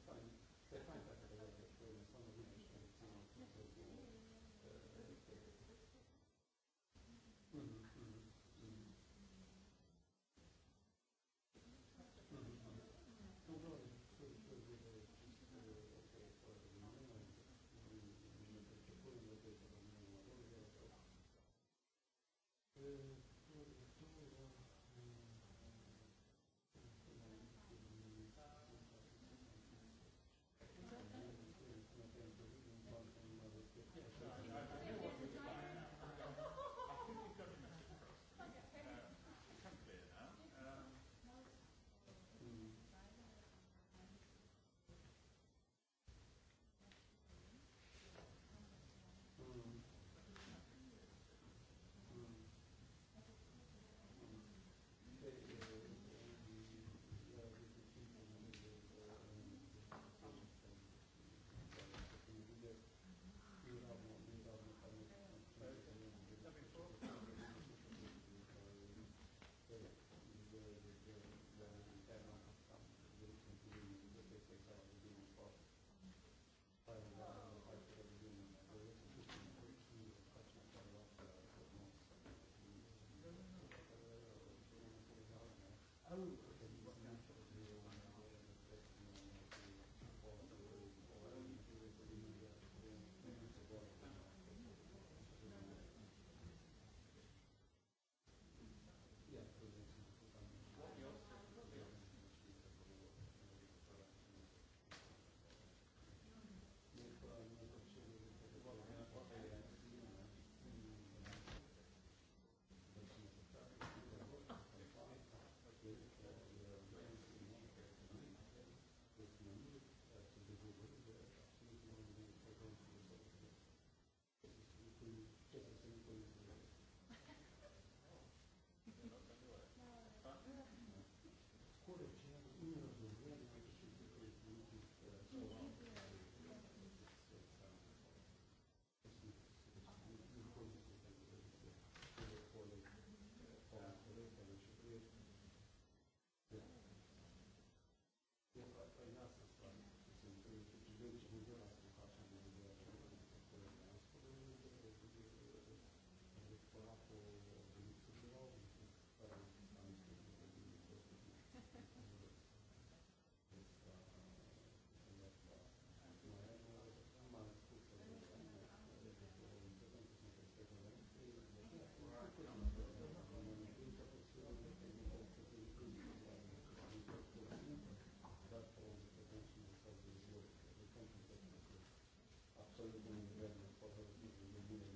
fajn, fajn, Köszönöm.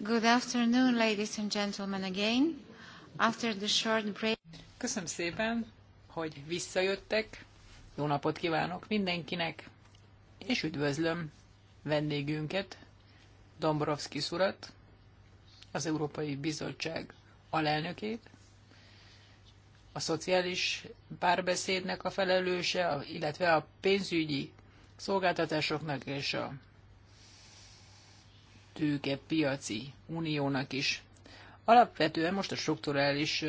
Good afternoon, ladies and gentlemen, again. After the short break... Köszönöm szépen, hogy visszajöttek. Jó napot kívánok mindenkinek, és üdvözlöm vendégünket, Dombrovski urat, az Európai Bizottság alelnökét, a szociális párbeszédnek a felelőse, illetve a pénzügyi szolgáltatásoknak és a tőkepiaci uniónak is. Alapvetően most a strukturális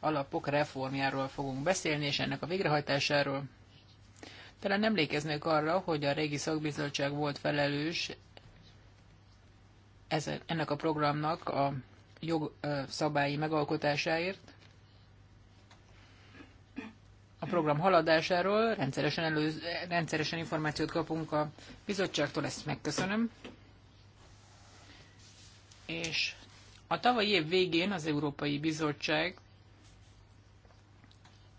alapok reformjáról fogunk beszélni, és ennek a végrehajtásáról. Talán emlékeznek arra, hogy a régi szakbizottság volt felelős ezen, ennek a programnak a jogszabályi megalkotásáért, a program haladásáról rendszeresen, előz, rendszeresen információt kapunk a bizottságtól, ezt megköszönöm és a tavalyi év végén az Európai Bizottság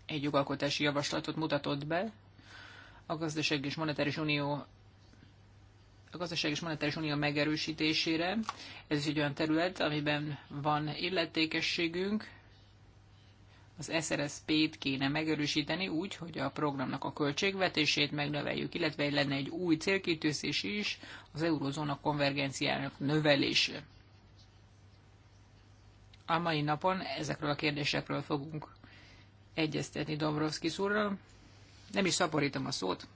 egy jogalkotási javaslatot mutatott be a Gazdaság és Monetáris Unió a Gazdaság és Monetáris Unió megerősítésére. Ez is egy olyan terület, amiben van illetékességünk. Az SRSP-t kéne megerősíteni úgy, hogy a programnak a költségvetését megnöveljük, illetve lenne egy új célkítőzés is, az eurozóna konvergenciának növelése a mai napon ezekről a kérdésekről fogunk egyeztetni Dombrovszki úrral. Nem is szaporítom a szót,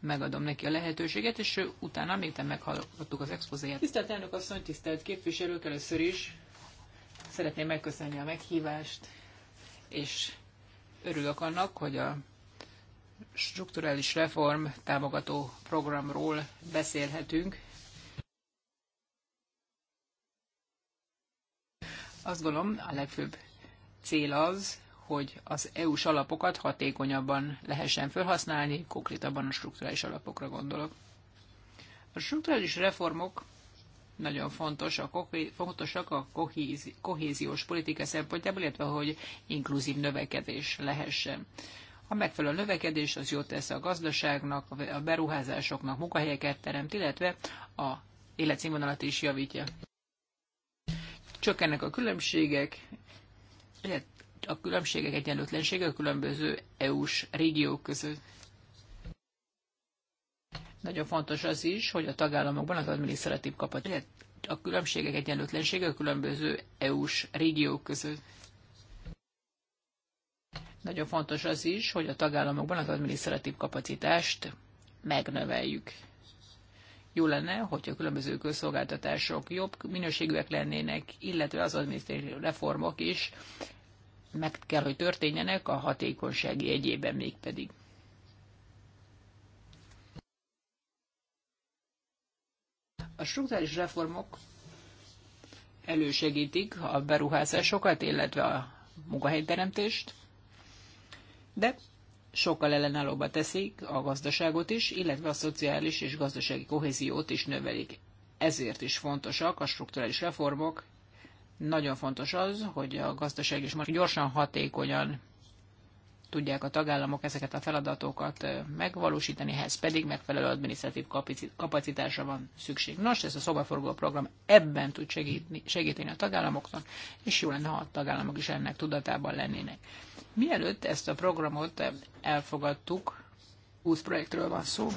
megadom neki a lehetőséget, és utána, te meghallgattuk az expozéját. Tisztelt elnök asszony, tisztelt képviselők, először is szeretném megköszönni a meghívást, és örülök annak, hogy a strukturális reform támogató programról beszélhetünk. Azt gondolom, a legfőbb cél az, hogy az EU-s alapokat hatékonyabban lehessen felhasználni, konkrétabban a strukturális alapokra gondolok. A strukturális reformok nagyon fontosak, fontosak a kohéziós politika szempontjából, illetve hogy inkluzív növekedés lehessen. A megfelelő növekedés az jót tesz a gazdaságnak, a beruházásoknak, munkahelyeket teremt, illetve a életszínvonalat is javítja csökkennek a különbségek, a különbségek egyenlőtlensége a különböző EU-s régiók között. Nagyon fontos az is, hogy a tagállamokban az adminisztratív kapacitás a különbségek egyenlőtlensége a különböző EU-s régiók között. Nagyon fontos az is, hogy a tagállamokban az adminisztratív kapacitást megnöveljük. Jó lenne, hogyha a különböző közszolgáltatások jobb minőségűek lennének, illetve az adminisztrációs reformok is meg kell, hogy történjenek a hatékonysági egyében mégpedig. A struktúrális reformok elősegítik a beruházásokat, illetve a munkahelyteremtést, de sokkal ellenállóba teszik a gazdaságot is, illetve a szociális és gazdasági kohéziót is növelik. Ezért is fontosak a strukturális reformok. Nagyon fontos az, hogy a gazdaság is gyorsan, hatékonyan tudják a tagállamok ezeket a feladatokat megvalósítani, ehhez pedig megfelelő adminisztratív kapacitásra van szükség. Nos, ez a szobaforgó program ebben tud segíteni, segíteni a tagállamoknak, és jó lenne, ha a tagállamok is ennek tudatában lennének. Mielőtt ezt a programot elfogadtuk, 20 projektről van szó,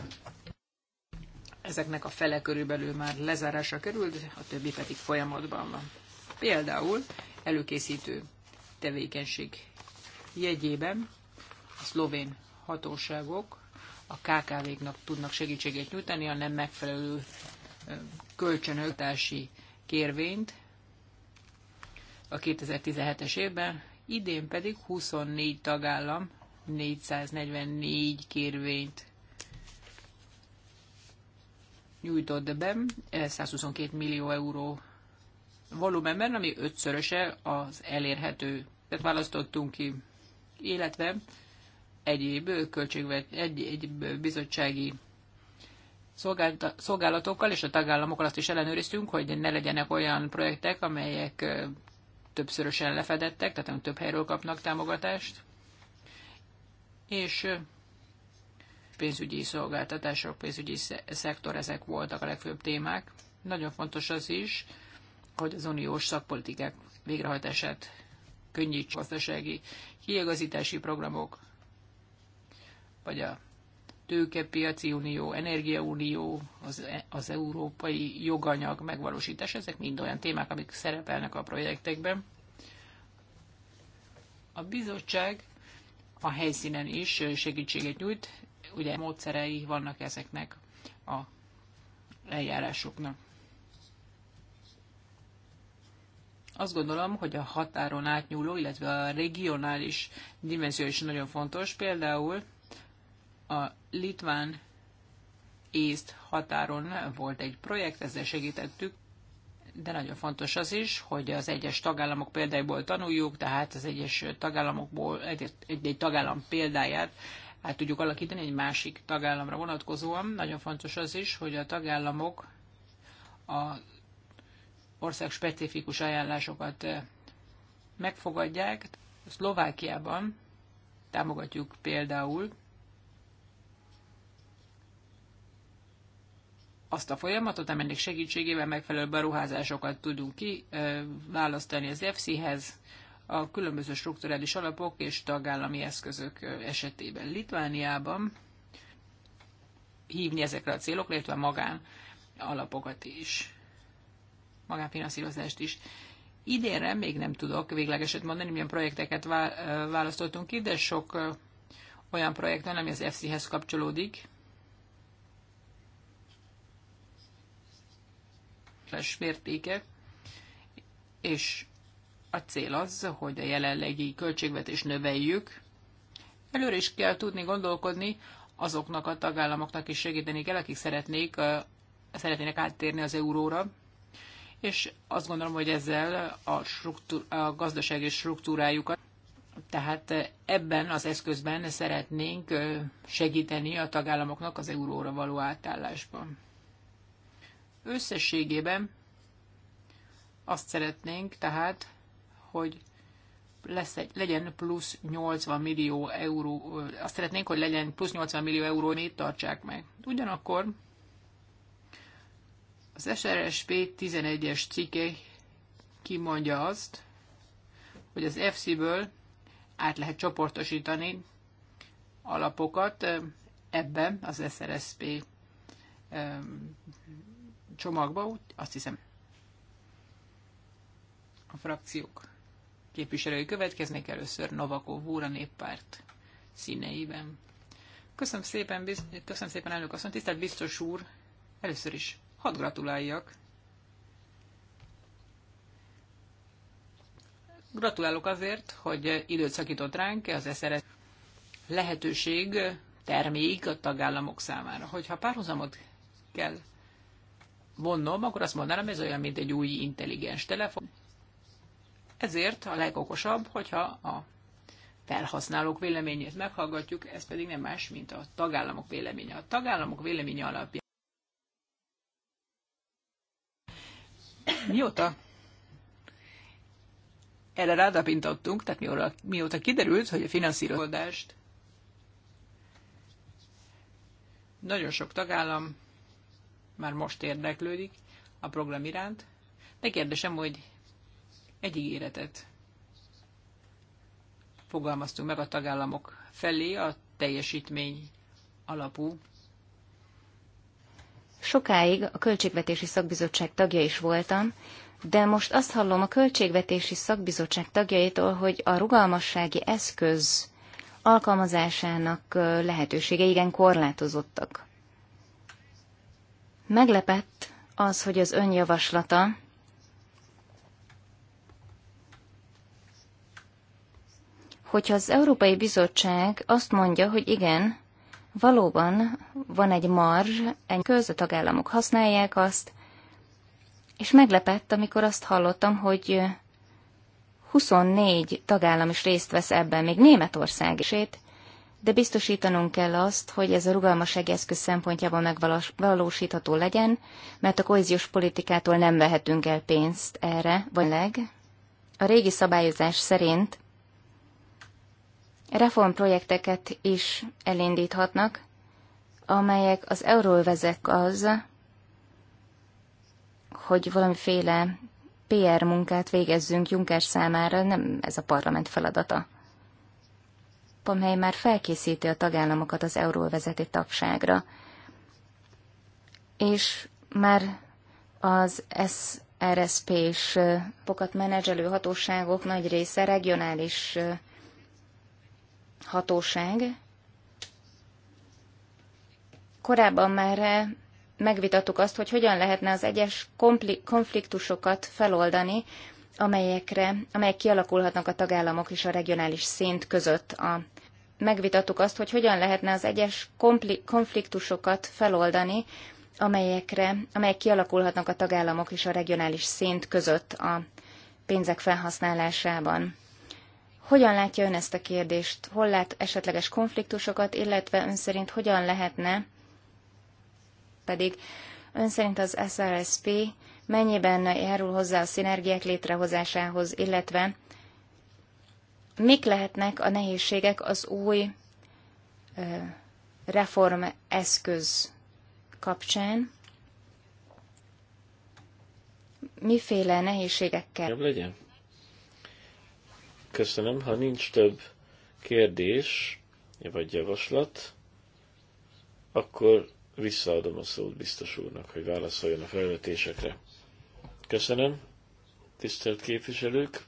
ezeknek a fele körülbelül már lezárásra került, a többi pedig folyamatban van. Például előkészítő tevékenység jegyében a szlovén hatóságok a KKV-knak tudnak segítséget nyújtani a nem megfelelő kölcsönöltási kérvényt a 2017-es évben idén pedig 24 tagállam 444 kérvényt nyújtott be, 122 eh, millió euró volumenben, ami ötszöröse az elérhető. Tehát választottunk ki, illetve egyéb költségvet, egy, egy bizottsági szolgálatokkal és a tagállamokkal azt is ellenőriztünk, hogy ne legyenek olyan projektek, amelyek eh, többszörösen lefedettek, tehát nem több helyről kapnak támogatást, és pénzügyi szolgáltatások, pénzügyi szektor, ezek voltak a legfőbb témák. Nagyon fontos az is, hogy az uniós szakpolitikák végrehajtását könnyíts gazdasági kiigazítási programok, vagy a tőkepiaci unió, energiaunió, az, e, az európai joganyag megvalósítás, ezek mind olyan témák, amik szerepelnek a projektekben. A bizottság a helyszínen is segítséget nyújt, ugye módszerei vannak ezeknek a eljárásoknak. Azt gondolom, hogy a határon átnyúló, illetve a regionális dimenzió is nagyon fontos. Például a litván észt határon volt egy projekt, ezzel segítettük, de nagyon fontos az is, hogy az egyes tagállamok példáiból tanuljuk, tehát az egyes tagállamokból egy-egy tagállam példáját át tudjuk alakítani egy másik tagállamra vonatkozóan. Nagyon fontos az is, hogy a tagállamok a ország specifikus ajánlásokat eh, megfogadják. Szlovákiában támogatjuk például azt a folyamatot, amelynek segítségével megfelelő beruházásokat tudunk ki választani az EFSI-hez, a különböző strukturális alapok és tagállami eszközök esetében. Litvániában hívni ezekre a célokra, illetve magán alapokat is, magánfinanszírozást is. Idénre még nem tudok véglegeset mondani, milyen projekteket választottunk ki, de sok olyan projekt van, ami az FC-hez kapcsolódik, teljes mértéke, és a cél az, hogy a jelenlegi költségvetés növeljük. Előre is kell tudni gondolkodni, azoknak a tagállamoknak is segíteni kell, akik szeretnék, szeretnének áttérni az euróra, és azt gondolom, hogy ezzel a, struktúr, a gazdasági struktúrájukat, tehát ebben az eszközben szeretnénk segíteni a tagállamoknak az euróra való átállásban. Összességében azt szeretnénk tehát, hogy lesz egy, legyen plusz 80 millió euró, azt szeretnénk, hogy legyen plusz 80 millió euró, mit tartsák meg. Ugyanakkor az SRSP 11-es cikke kimondja azt, hogy az FC-ből át lehet csoportosítani alapokat ebben az SRSP csomagba, úgy azt hiszem a frakciók képviselői következnek először Novakov úr a néppárt színeiben. Köszönöm szépen, biz... köszönöm szépen elnök asszony, tisztelt biztos úr, először is hadd gratuláljak. Gratulálok azért, hogy időt szakított ránk az SRS lehetőség termék a tagállamok számára. Hogyha párhuzamot kell vonnom, akkor azt mondanám, ez olyan, mint egy új intelligens telefon. Ezért a legokosabb, hogyha a felhasználók véleményét meghallgatjuk, ez pedig nem más, mint a tagállamok véleménye. A tagállamok véleménye alapján. Mióta erre rádapintottunk, tehát mióta, mióta kiderült, hogy a finanszírozást nagyon sok tagállam már most érdeklődik a program iránt, de kérdésem, hogy egy ígéretet fogalmaztunk meg a tagállamok felé a teljesítmény alapú. Sokáig a Költségvetési Szakbizottság tagja is voltam, de most azt hallom a Költségvetési Szakbizottság tagjaitól, hogy a rugalmassági eszköz alkalmazásának lehetősége igen korlátozottak. Meglepett az, hogy az önjavaslata hogyha az Európai Bizottság azt mondja, hogy igen, valóban van egy marzs, egy köz, a tagállamok használják azt, és meglepett, amikor azt hallottam, hogy 24 tagállam is részt vesz ebben, még Németország isét, de biztosítanunk kell azt, hogy ez a rugalmas eszköz szempontjából megvalósítható legyen, mert a kohéziós politikától nem vehetünk el pénzt erre, vagy leg. A régi szabályozás szerint reformprojekteket is elindíthatnak, amelyek az euról vezek az, hogy valamiféle PR munkát végezzünk Juncker számára, nem ez a parlament feladata amely már felkészíti a tagállamokat az euróvezeti tagságra. És már az SRSP és pokat menedzselő hatóságok nagy része regionális hatóság. Korábban már megvitattuk azt, hogy hogyan lehetne az egyes konfliktusokat feloldani, amelyekre, amelyek kialakulhatnak a tagállamok és a regionális szint között a megvitattuk azt, hogy hogyan lehetne az egyes konfliktusokat feloldani, amelyekre, amelyek kialakulhatnak a tagállamok és a regionális szint között a pénzek felhasználásában. Hogyan látja ön ezt a kérdést? Hol lát esetleges konfliktusokat, illetve ön szerint hogyan lehetne pedig ön szerint az SRSP mennyiben járul hozzá a szinergiák létrehozásához, illetve mik lehetnek a nehézségek az új reformeszköz kapcsán? Miféle nehézségekkel? Legyen. Köszönöm, ha nincs több kérdés, vagy javaslat, akkor visszaadom a szót biztos úrnak, hogy válaszoljon a felvetésekre. Köszönöm, tisztelt képviselők!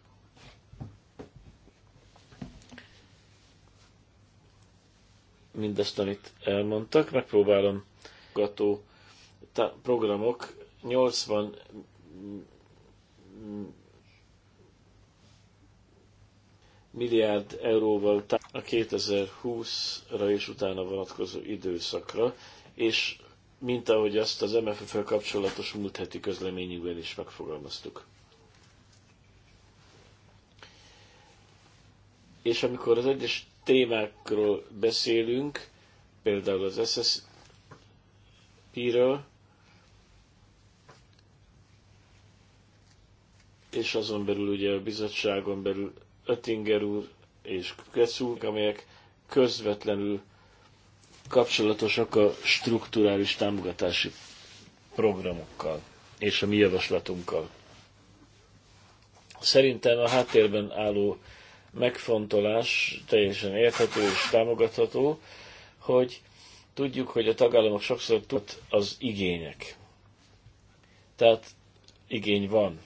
mindazt, amit elmondtak. Megpróbálom gató programok 80 milliárd euróval a 2020-ra és utána vonatkozó időszakra, és mint ahogy azt az mff kapcsolatos múlt heti közleményünkben is megfogalmaztuk. És amikor az egyes témákról beszélünk, például az SSP-ről, és azon belül ugye a bizottságon belül Öttinger úr és Kecunk, amelyek közvetlenül kapcsolatosak a strukturális támogatási programokkal és a mi javaslatunkkal. Szerintem a háttérben álló megfontolás teljesen érthető és támogatható, hogy tudjuk, hogy a tagállamok sokszor tud az igények. Tehát igény van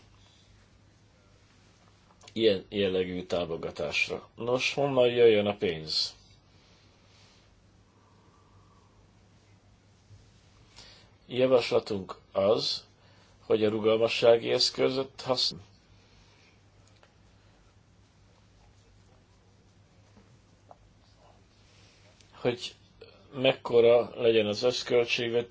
ilyen jellegű támogatásra. Nos, honnan jöjjön a pénz? Javaslatunk az, hogy a rugalmassági eszközöt használjuk hogy mekkora legyen az összköltségvetés,